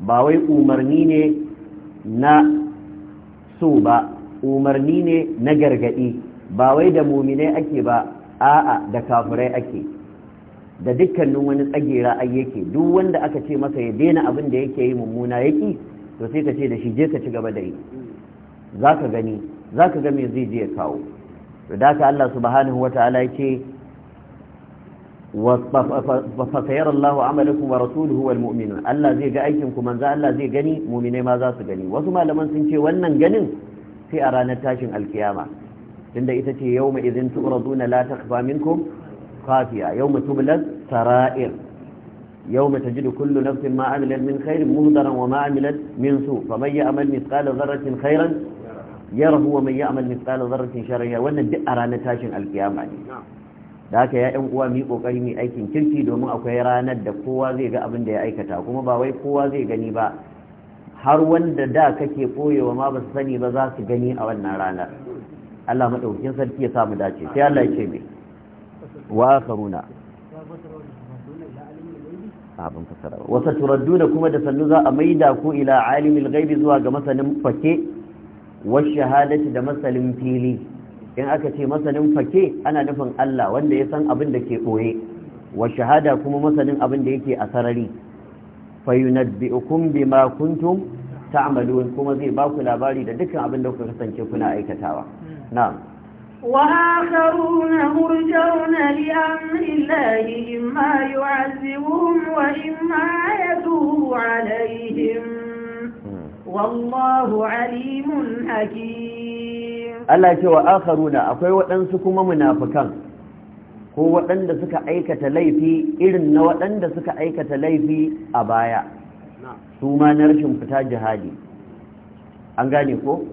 ba wai umarni ne na so ba umarni ne na gargaɗi? ba wai da muminai ake ba a'a da kafirai ake da dukkanin wani tsagera ai yake duk wanda aka ce masa ya daina abin da yake yi mummuna yaki to sai ka ce da shi je ka ci gaba da yi za ka gani za ka ga me zai je ya kawo to da ka Allah subhanahu wataala ya ce فسيرى الله عملكم ورسوله والمؤمنون Allah zai ga aikin ku manza, Allah zai gani muminai ma za su gani wasu malaman sun ce wannan ganin sai a ranar tashin alkiyama tunda ita ce yawma idhin turaduna la takhfa minkum khafiya yawma tublaz sarair yawma tajidu kullu nafsin ma amilat min khairin muhdaran wa ma amilat min su faman ya'mal mithqala dharratin khairan yarahu wa man ya'mal mithqala dharratin wannan duk a ranar tashin alkiyama ne da haka ya yan uwa mu yi kokari mu aikin kirki domin akwai ranar da kowa zai ga abin da ya aikata kuma ba wai kowa zai gani ba har wanda da kake koyewa ma ba su sani ba za su gani a wannan ranar Allah madaukakin sarki ya samu dace sai Allah ya ce mai wa karuna abin fasara kuma da sannu za a maida ku ila alimil ghaibi zuwa ga masanin fake wa shahadati da masalin fili in aka ce masanin fake ana nufin Allah wanda ya san abin da ke ɓoye wa shahada kuma masanin abin da yake a sarari fayunabbi'ukum bima kuntum ta'malun kuma zai ba ku labari da dukkan abin da kuka kasance kuna aikatawa na'am وآخرون مرجون لأمر الله إما يعذبهم وإما يتوب عليهم والله عليم حكيم Allah ce wa akharuna akwai waɗansu kuma munafikan ko waɗanda suka aikata laifi irin na waɗanda suka aikata laifi a baya su ma na rashin fita jihadi an gane ko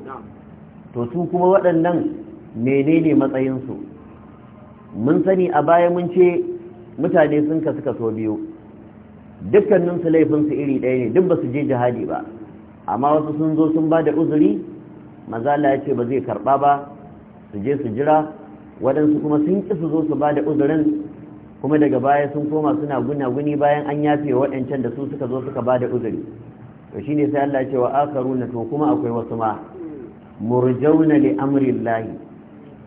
to su kuma waɗannan menene matsayinsu mun sani a baya mun ce mutane sun ka suka so biyu dukkaninsu laifinsu iri ɗaya ne duk ba su je jihadi ba amma wasu sun zo sun ba da uzuri mazala ya ce ba zai karɓa ba su je su jira waɗansu kuma sun ƙi su zo su ba da uzurin kuma daga baya sun koma suna guna guni bayan an yafe wa waɗancan da su suka zo suka ba da uzuri to shi ne sai Allah ce wa akaru na to kuma akwai wasu ma murjauna li amri lahi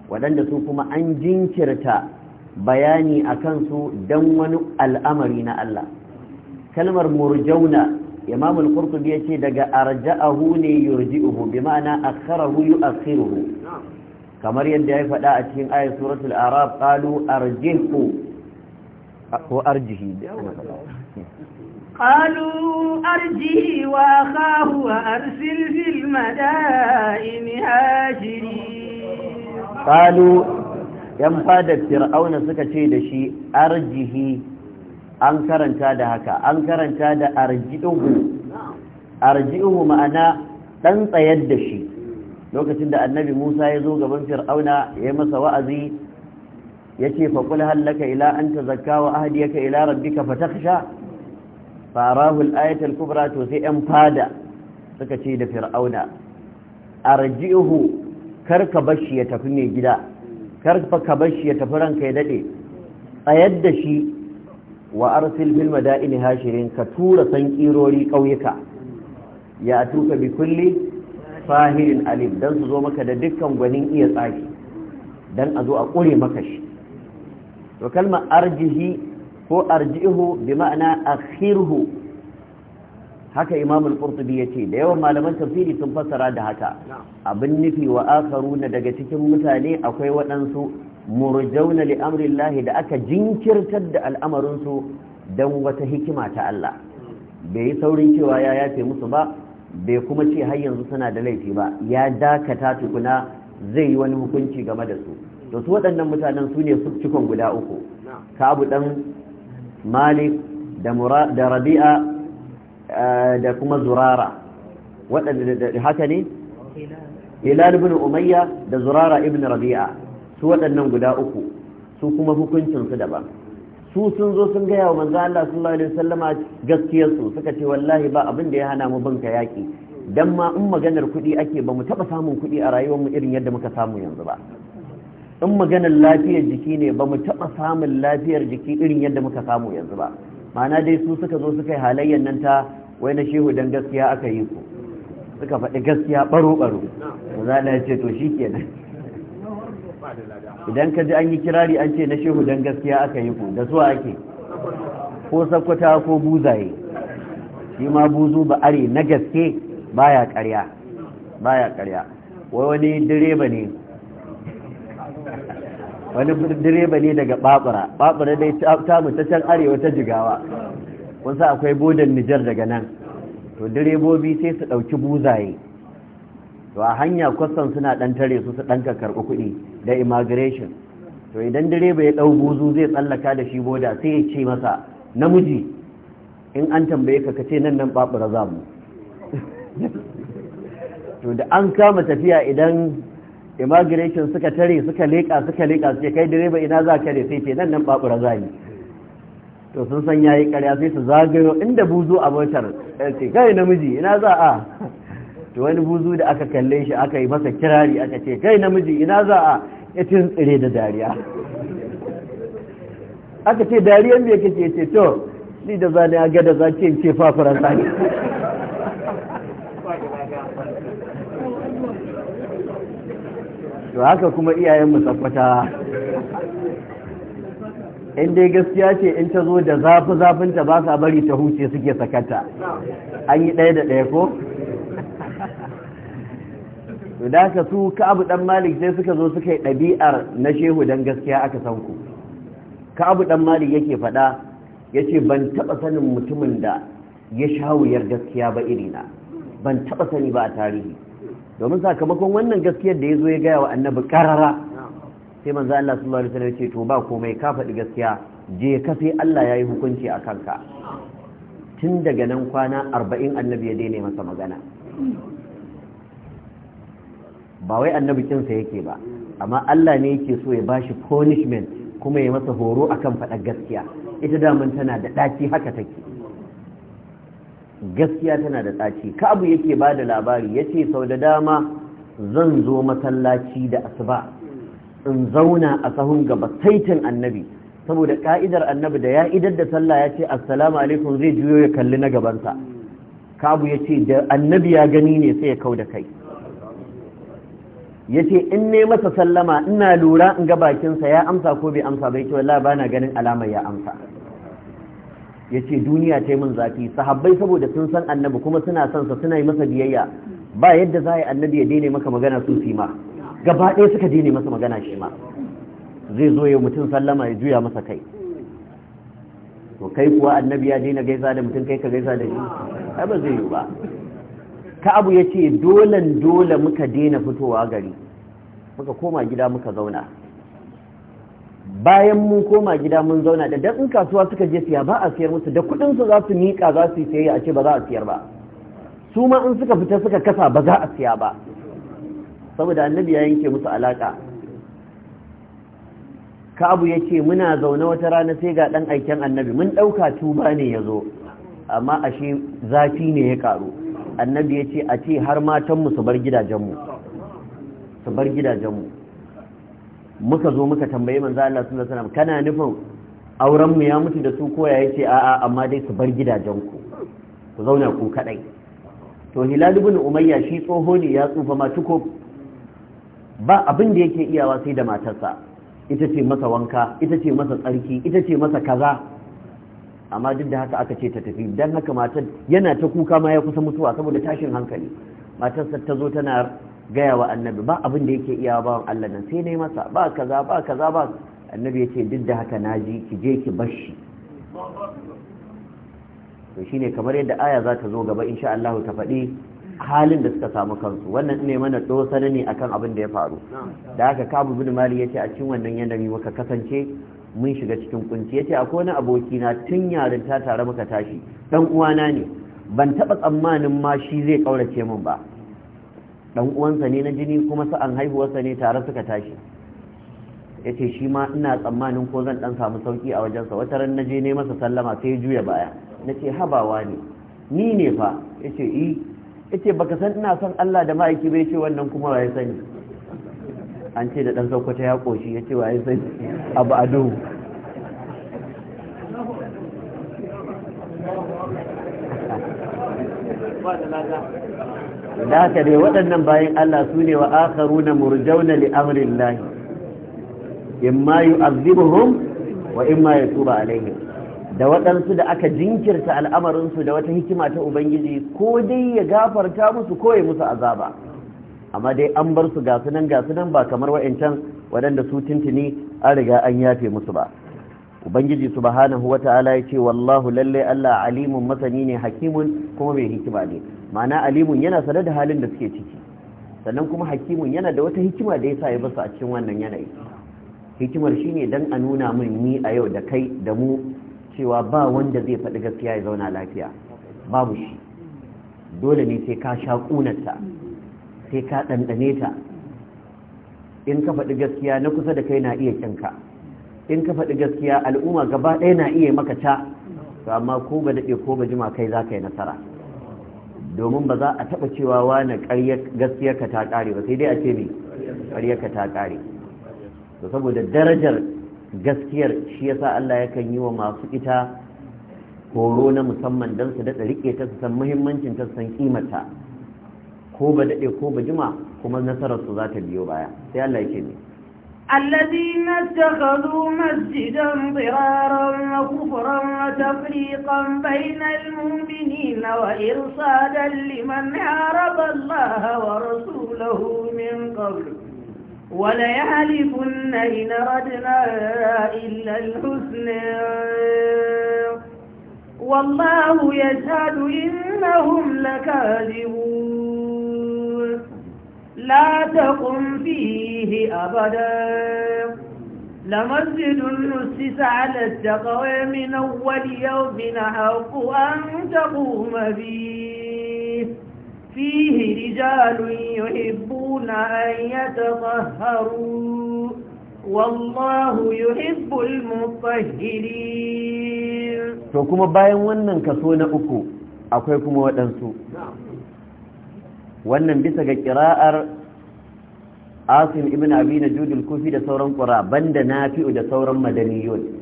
waɗanda su kuma an jinkirta bayani a kansu don wani al'amari na Allah kalmar murjauna imam al-qurtubi yace daga arja'ahu ne yurji'uhu bi ma'ana akharahu yu'akhiruhu kamar yadda ya faɗa a cikin ayat suratul araf qalu arjihu ko arjihi قالوا أرجه وأخاه وأرسل في المدائن هاجرين قالوا yan fadar fir'auna suka ce da shi arjihi an karanta da haka an karanta da arji'uhu arji'uhu ma'ana dan tsayar da shi lokacin da annabi Musa ya zo gaban Fir'auna ya masa wa'azi yace ce qul hal laka ila an tazakka wa ahdiyaka ila rabbika fatakhsha farahu al-ayata al-kubra to sai an fada suka ce da Fir'auna arji'uhu karka bashi ya tafi ne gida karka ka bashi ya tafi ranka ya dade tsayar da shi wa arsil fil madaini hashirin ka tura san kirori ƙauyuka ya tuka bi kulli fahirin alim dan su zo maka da dukkan gwanin iya tsaki dan a zo a kure maka shi to kalma arjihi ko arjihu bi ma'ana akhirhu haka imam al-qurtubi yace da yawan malaman tafsiri sun fassara da haka abin nufi wa akharuna daga cikin mutane akwai waɗansu murjauna li da aka jinkirtar da al'amarinsu don wata hikima ta Allah bai yi saurin cewa ya yafe musu ba bai kuma ce har yanzu suna da laifi ba ya dakata tukuna zai yi wani hukunci game da su to su waɗannan mutanen su ne cikon guda uku kabu ɗan malik da rabi'a eh, da kuma zurara waɗanda haka ne hilal ibn umayya da zurara ibn rabi'a su waɗannan guda uku su kuma hukuncinsu da daban su sun zo sun gaya wa manzo Allah sallallahu alaihi wasallama gaskiyarsu suka ce wallahi ba abin da ya hana mu banka yaki dan ma in maganar kuɗi ake ba mu taɓa samun kuɗi a rayuwar mu irin yadda muka samu yanzu ba in maganar lafiyar jiki ne ba mu taɓa samun lafiyar jiki irin yadda muka samu yanzu ba ma'ana dai su suka zo suka yi halayyar nan ta wai na shehu dan gaskiya aka yi ku suka faɗi gaskiya ɓaro-ɓaro za a ce to shi kenan idan ka ji an yi kirari an ce na shehu don gaskiya aka yi ku da zuwa ake ko sakwata ko buzaye shi ma buzu ba are na gaske baya karya baya karya wai wani direba ne wani direba ne daga babura babura dai ta mutu ta can arewa ta jigawa kun akwai bodan nijar daga nan to direbobi sai su dauki buzaye to a hanya kwastan suna dan tare su su danka karɓi kuɗi da immigration to idan direba ya ɗau buzu zai tsallaka da shi boda sai ya ce masa namiji in an tambaye ka kace ce nan nan babura za mu to da an kama tafiya idan immigration suka tare suka leƙa suka leƙa suke kai direba ina za ka sai ce nan nan babura za ni to sun san yayi ƙarya sai su zagayo inda buzu a motar sai kai namiji ina za a to wani buzu da aka kalle shi aka yi masa kirari aka ce kai namiji ina za a itin tsire da dariya aka ce dariyar me kake ce to ni da zane a gada za ce ce fa sani. to haka kuma iyayen mu in dai gaskiya ce in ta zo da zafi zafinta ba sa bari ta huce suke sakata an yi ɗaya da ɗaya ko to da ka su ka'abu dan malik sai suka zo suka yi ɗabi'ar na shehu dan gaskiya aka san ku ka'abu dan malik yake faɗa yace ban taɓa sanin mutumin da ya sha wuyar gaskiya ba irina ban taɓa sani ba a tarihi domin sakamakon wannan gaskiyar da ya zo ya gaya wa annabi karara sai manzo Allah sallallahu alaihi wasallam ya ce to ba komai ka faɗi gaskiya je ka sai Allah yayi hukunci a ka tun daga nan kwana arba'in annabi ya daina masa magana ba wai annabi kinsa yake ba amma Allah ne yake so ya bashi punishment kuma ya masa horo akan faɗar gaskiya ita daman tana da ɗaci haka take gaskiya tana da ɗaci abu yake ba da labari yace ce sau da dama zan zo masallaci da asuba in zauna a sahun gaba saitin annabi saboda ka'idar annabi da ya idar da sallah ya ce assalamu alaikum zai juyo ya kalli na gabansa kabu ya ce da annabi ya gani ne sai ya kau da kai ya ce in ne masa sallama ina lura in ga bakinsa ya amsa ko bai amsa bai ce wallah bana ganin alamar ya amsa ya ce duniya ta yi min zafi sahabbai saboda sun san annabi kuma suna son sa suna yi masa biyayya ba yadda za a yi annabi ya daina maka magana su fi ma gaba ɗaya suka daina masa magana shi ma zai zo ya mutum sallama ya juya masa kai to kai kuwa annabi ya daina gaisa da mutum kai ka gaisa da shi ai ba zai yi ba abu ya ce dolan dole muka daina fitowa gari muka koma gida muka zauna bayan mun koma gida mun zauna da dan kasuwa suka je siya ba a siyar musu da kudin su za su miƙa za su yi a ce ba za a siyar ba su ma in suka fita suka kasa ba za a siya ba saboda annabi ya yanke musu alaka abu ya ce muna zaune wata rana sai ga ɗan aiken annabi mun ɗauka tuba ne ya zo amma ashe zafi ne ya ƙaru annabi ya ce a ce har matanmu su bar gidajenmu su bar gidajenmu muka zo muka tambaye manzo Allah sun alaihi kana nufin aurenmu ya mutu da su koya ya yace a'a amma dai su bar gidajenku ku zauna ku kadai to hilal ibn umayya shi tsoho ne ya tsufa ma tuko ba abin da yake iyawa sai da matarsa ita ce masa wanka ita ce masa tsarki ita ce masa kaza amma duk da haka aka ce ta tafi dan haka matar yana ta kuka ma ya kusa mutuwa saboda tashin hankali matarsa ta zo tana gaya wa annabi ba abin da yake iya bawan Allah nan sai nayi masa ba kaza ba kaza ba annabi ya ce duk da haka na ji ki je ki bar shi. to shine kamar yadda aya za ta zo gaba insha Allah ta faɗi halin da suka samu kansu wannan ne mana dosa ne akan abin da ya faru da haka kabu bin mali yace a cikin wannan yanayi muka kasance mun shiga cikin kunci yace akwai wani aboki na tun yarin ta tare muka tashi dan uwana ne ban taba tsammanin ma shi zai kaurace min ba dan uwansa ne na jini kuma sa'an haihuwarsa ne tare suka tashi yace shi ma ina tsammanin ko zan dan samu sauki a wajensa wata ran naje ne masa sallama sai ya juya baya nace habawa ne ni ne fa yace i eh. yace baka san ina son Allah da ma'aiki bai ce wannan kuma ya sani an ce da ɗan saukwata ya ƙoshi ya ce wa ya sai abu a duhu da haka dai waɗannan bayan Allah su ne wa akaru na murjauna li lahi in ma yi wa in ma ya tuba alaihi da waɗansu da aka jinkirta al'amarinsu da wata hikima ta Ubangiji ko dai ya gafarta musu ko ya musu azaba amma dai an bar su gasu nan gasu nan ba kamar waɗancan waɗanda su tintini an riga an yafe musu ba ubangiji subhanahu ta'ala ya ce wallahu lalle Allah alimun masani ne hakimun kuma mai hikima ne ma'ana alimun yana sane da halin da suke ciki sannan kuma hakimun yana da wata hikima da ya sa ya basu a cikin wannan yanayi hikimar shine dan a nuna min ni a yau da kai da mu cewa ba wanda zai faɗi gaskiya ya zauna lafiya babu shi dole ne sai ka sha ƙunarta sai ka ɗanɗane ta in ka faɗi gaskiya na kusa da kai na iya kinka in ka faɗi gaskiya al'umma gaba ɗaya na iya maka ta to amma ko ba daɗe ko ba jima kai za ka yi nasara domin ba za a taɓa cewa wani gaskiyarka ta ƙare ba sai dai a ce ne ka ta ƙare to saboda darajar gaskiyar shi yasa Allah yakan yi wa masu ita horo na musamman don su daɗa riƙe ta su san muhimmancin ta su san ko ba daɗe ko ba jima kuma nasararsu za ta biyo baya sai Allah yake ne الذين اتخذوا مسجدا ضرارا وكفرا وتفريقا بين المؤمنين وإرصادا لمن حارب الله ورسوله من قبل وليحلفن إن ردنا إلا الحسنى والله يشهد إنهم لكاذبون لا تقم فيه أبدا لمسجد نسس على التقوى من أول يوم أحق أن تقوم فيه فيه رجال يحبون أن يتطهروا والله يحب المطهرين فكما باين ونن كسونا أكو أكو كما ودنسو wannan bisa ga kira'ar asim ibn abi najud al-kufi da sauran qura banda na fi'u da sauran madaniyun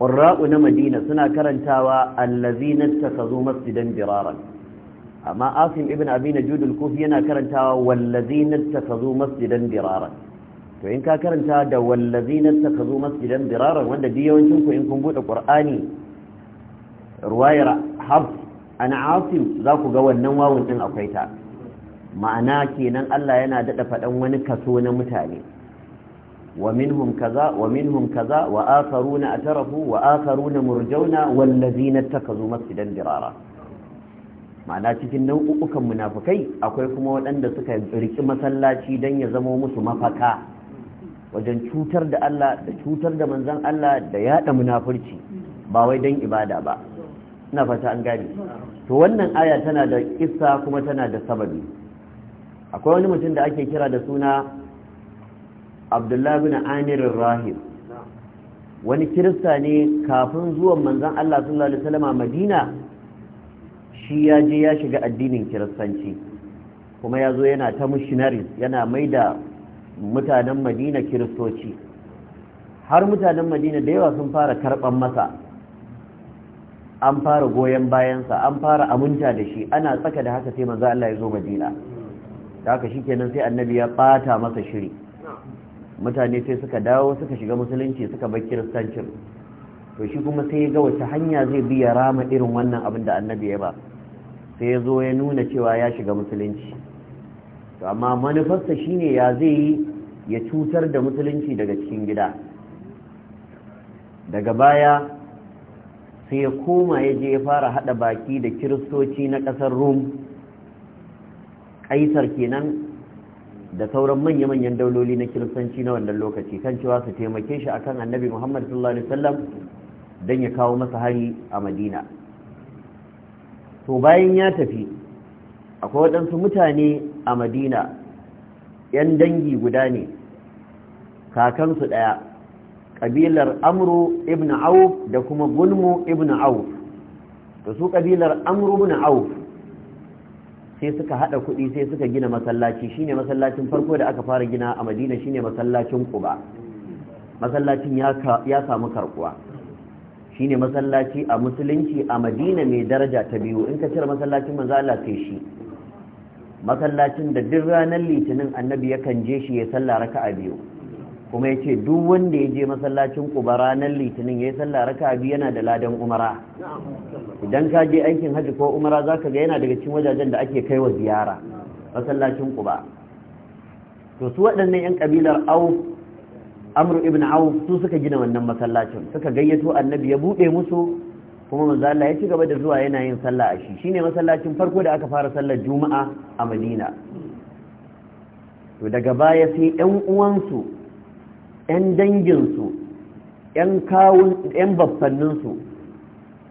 qurra'u na madina suna karantawa allazina takhazu masjidan diraran amma asim ibn abi najud al-kufi yana karantawa wallazina takhazu masjidan diraran to in ka karanta da wallazina takhazu masjidan diraran wanda diyawancin ku in kun bude qur'ani ruwayar hafs ana asim za ku ga wannan wawun din akwai ta ma'ana kenan Allah yana dada faɗan wani kaso na mutane wa minhum kaza wa minhum kaza wa akharuna atarafu wa akharuna murjauna ladina takazu masjidan dirara ma'ana cikin nau'ukan munafikai akwai kuma waɗanda suka riki masallaci dan ya zamo musu mafaka wajen cutar da Allah da cutar da manzon Allah da yada munafurci ba wai dan ibada ba ina fata an gane to wannan aya tana da kissa kuma tana da sababi akwai wani mutum da ake kira da suna abdullahi na amirin rahim wani kirista ne kafin zuwan manzan Allah sallallahu Alaihi madina shi ya je ya shiga addinin kiristanci kuma ya zo yana ta missionaries yana mai da mutanen madina kiristoci har mutanen madina da yawa sun fara karɓar masa an fara goyon bayansa an fara aminta da shi ana tsaka da haka sai maza Allah ya zo madina da shi kenan sai annabi ya bata masa shiri mutane sai suka dawo suka shiga musulunci suka bar kiristancin to shi kuma sai ya ga wace hanya zai bi ya rama irin wannan abin da annabi ya ba sai ya zo ya nuna cewa ya shiga musulunci to amma manufarsa shine ya zai yi ya cutar da musulunci daga cikin gida daga baya sai ya koma ya je ya fara hada baki da kiristoci na kasar rum kaisar kenan da sauran manya-manyan dauloli na kiristanci na wannan lokaci kan cewa su taimake shi akan annabi muhammad sallallahu alaihi wasallam don ya kawo masa hari a madina to bayan ya tafi akwai waɗansu mutane a madina 'yan dangi guda ne kakansu ɗaya ƙabilar amru ibn auf da kuma gulmu ibn auf da su ƙabilar amru ibn auf sai suka hada kudi sai suka gina masallaci shine masallacin farko da aka fara gina a madina shine masallacin quba masallacin ya samu karkuwa shine masallaci a musulunci a madina mai daraja ta biyu in ka cire masallacin manzo Allah sai shi masallacin da duk ranar litinin annabi yakan je shi ya salla raka'a biyu kuma ya ce duk wanda ya je masallacin kuba ranar Litinin yayi sallah raka'a biyu yana da ladan umara idan ka je aikin hajji ko umara zaka ga yana daga cikin wajajen da ake kai wa ziyara masallacin Quba to su waɗannan yan kabilar Auf Amr ibn Auf su suka gina wannan masallacin suka gayyato Annabi ya bude musu kuma manzo ya ci gaba da zuwa yana yin sallah a shi shine masallacin farko da aka fara sallar Juma'a a Madina to daga baya sai yan uwansu 'yan danginsu 'yan kawun 'yan babbanninsu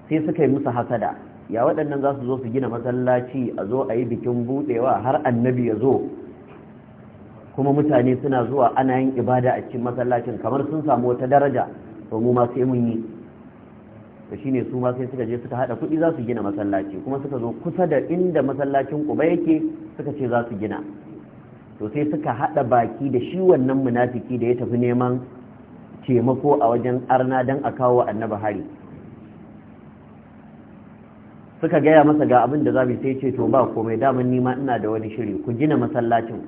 sai suka yi musu hasada ya waɗannan za su zo su gina masallaci a zo a yi bikin buɗewa har annabi ya zo kuma mutane suna zuwa ana yin ibada a cikin masallacin kamar sun samu wata daraja to mu ma sai mun yi da shi ne su ma sai suka je suka haɗa kuɗi za su gina masallaci kuma suka zo kusa da inda masallacin uba yake suka ce za su gina to sai suka haɗa baki da shi wannan munafiki da ya tafi neman taimako a wajen arna don a kawo annaba hari suka gaya masa ga abin da za mu sai ce to ba komai daman nima ina da wani shiri ku gina masallacin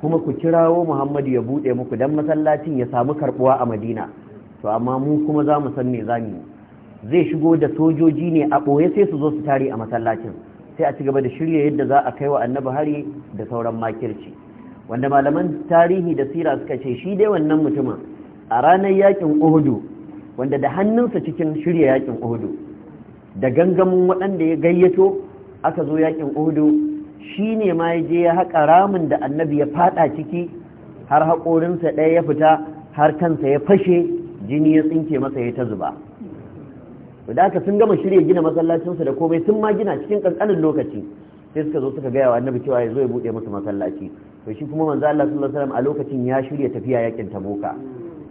kuma ku kirawo muhammadu ya bude muku don masallacin ya samu karbuwa a madina to amma mu kuma za mu san me za mu zai shigo da sojoji ne a ɓoye sai su zo su tare a masallacin sai a ci gaba da shirya yadda za a kai wa annabi hari da sauran makirci wanda malaman tarihi da sira suka ce shi dai wannan mutumin a ranar yakin uhudu wanda da hannunsa cikin shirya yakin uhudu da gangamin waɗanda ya gayyato aka zo yakin uhudu shi ne ma ya je ya haƙa ramin da annabi ya faɗa ciki har haƙorinsa ɗaya ya fita har kansa ya fashe jini ya tsinke masa ya ta zuba da aka sun gama shirya gina masallacinsa da komai sun ma gina cikin ƙanƙanin lokaci sai suka zo suka gaya wa annabi cewa ya zo ya buɗe musu masallaci to shi kuma manzo Allah sallallahu alaihi wasallam a lokacin ya shirya tafiya yakin tabuka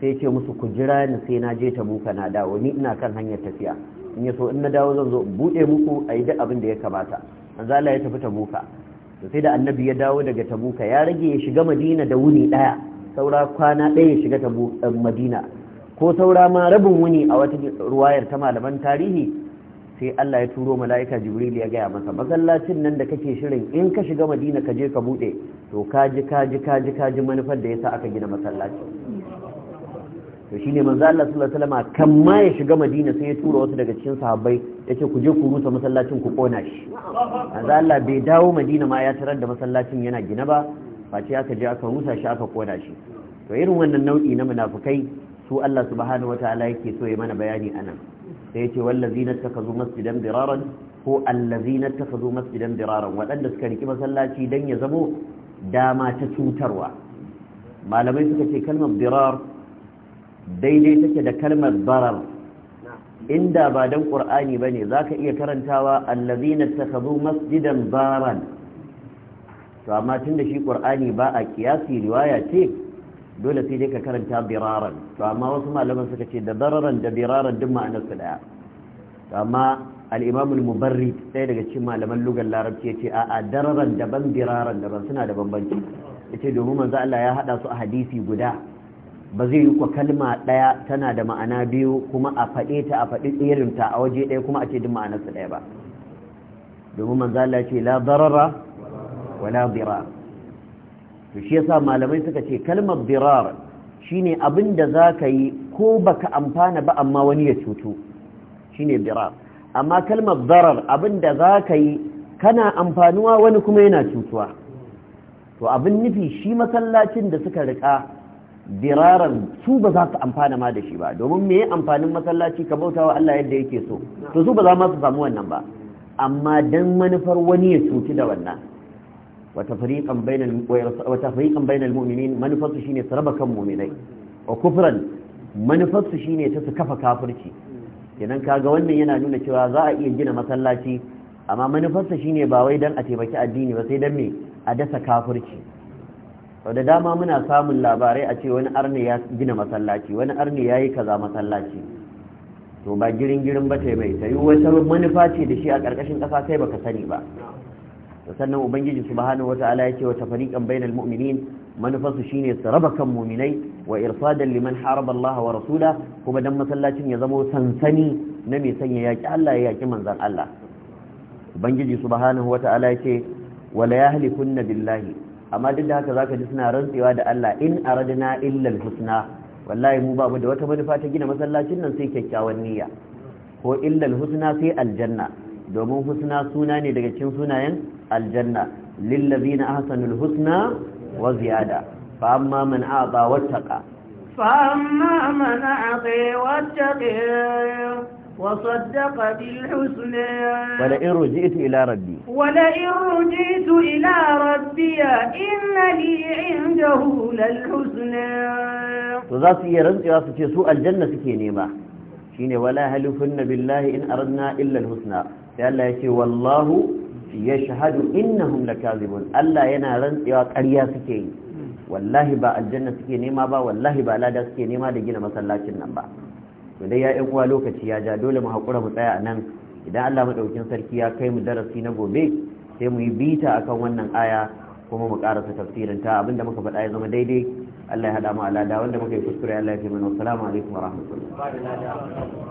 sai ce musu ku jira ni sai na je tabuka na dawo ni ina kan hanyar tafiya in ya so in na dawo zan zo bude muku a yi duk abin da ya kamata manzo Allah ya tafi tabuka to sai da annabi ya dawo daga tabuka ya rage ya shiga madina da wuni daya saura kwana daya ya shiga tabu eh, madina ko saura ma rabin wuni a wata ruwayar ta malaman tarihi sai Allah ya turo mala'ika jibril ya gaya masa masallacin nan da kake shirin in ka shiga madina ka je ka bude to kaji kaji kaji kaji manufar da yasa aka gina masallaci to shine manzo Allah sallallahu alaihi wasallam kan ma ya shiga madina sai ya tura wasu daga cikin sahabbai yace ku je ku rusa masallacin ku kona shi manzo Allah bai dawo madina ma ya tarar da masallacin yana gina ba face aka je aka rusa shi aka kona shi to irin wannan nau'i na munafukai su Allah subhanahu wataala yake so ya mana bayani anan sai yace wallazina zo masjidan diraran ko allazina zo masjidan diraran waɗanda suka riki masallaci dan ya zamo dama ta cutarwa malamai suka ce kalmar birar daidai take da kalmar barar inda ba dan qur'ani bane zaka iya karantawa allazina zo masjidan baran to amma da shi qur'ani ba a kiyasi riwaya ce dole sai dai ka karanta biraran to amma wasu malaman suka ce da dararan da biraran duk ma'anar su daya to amma al-imam al sai daga cikin malaman lugar larabci yace a'a dararan daban biraran daban suna da bambanci yace domin manzo Allah ya hada su a hadisi guda ba zai yi kwa kalma daya tana da ma'ana biyu kuma a faɗe ta a faɗi irin ta a waje ɗaya kuma a ce duk ma'anar su daya ba domin manzo Allah ce la darara wala dirar to shi yasa malamai suka ce kalmar dirar shine abin da zaka yi ko baka amfana ba amma wani ya cutu shine dirar amma kalmar zarar abin da zaka yi kana amfanuwa wani kuma yana cutuwa to abin nufi shi masallacin da suka rika diraran su ba za su amfana ma da shi ba domin me amfanin masallaci ka bauta wa Allah yadda yake so to su ba za ma su samu wannan ba amma dan manufar wani ya cuci da wannan وتفريقا بين الم... وتفريقا بين المؤمنين منفصل شيني تربى manufarsu مؤمنين وكفرا su su kafa kafurci. idan kaga wannan yana nuna cewa za a iya gina masallaci amma manufarsa shine ba wai dan a taimaki addini ba sai don me a dasa kafirci sau da dama muna samun labarai a ce wani arne ya gina masallaci wani arne ya yi kaza masallaci to ba girin girin ba ta mai ta yi wata manufa ce da shi a ƙarƙashin ƙasa kai baka sani ba sannan ubangiji subhanahu wataala ya ce wa tafariqan bainal mu'minin manufarsu shine su raba kan mu'minai wa irsadan liman haraba Allah wa rasula kuma dan masallacin ya zamo sansani na mai sanya yaki Allah ya yaki manzon Allah ubangiji subhanahu wataala ya ce wala yahlikunna billahi amma duk da haka zaka ji suna rantsewa da Allah in aradna illa husna. wallahi mu babu da wata manufa ta gina masallacin nan sai kyakkyawan niyya ko illa husna sai aljanna domin husna suna ne daga cikin sunayen aljanna lillazi na ahasanul husna wa ziyada fa amma man aba wattaqa fa amma man aqi wattaqi wa saddaqa bil husna wala in rujitu ila rabbi wala in rujitu ila rabbi inna li indahu lal husna to za su iya rantsewa su ce su aljanna suke nema shine wala halufunna billahi in aradna illa al husna sai Allah ya ce wallahu yashhadu innahum lakazibun Allah yana rantsewa ƙarya suke yi wallahi ba aljanna suke nema ba wallahi ba lada suke nema da gina masallacin nan ba to dai ya ɗan uwa lokaci ya ja dole mu hakura mu tsaya a nan idan Allah daukin sarki ya kai mu darasi na gobe sai mu yi bita akan wannan aya kuma mu karasa tafsirin ta abinda muka faɗa ya zama daidai Allah ya hada mu alada wanda muka yi kuskure Allah ya fi mana assalamu alaikum wa rahmatullah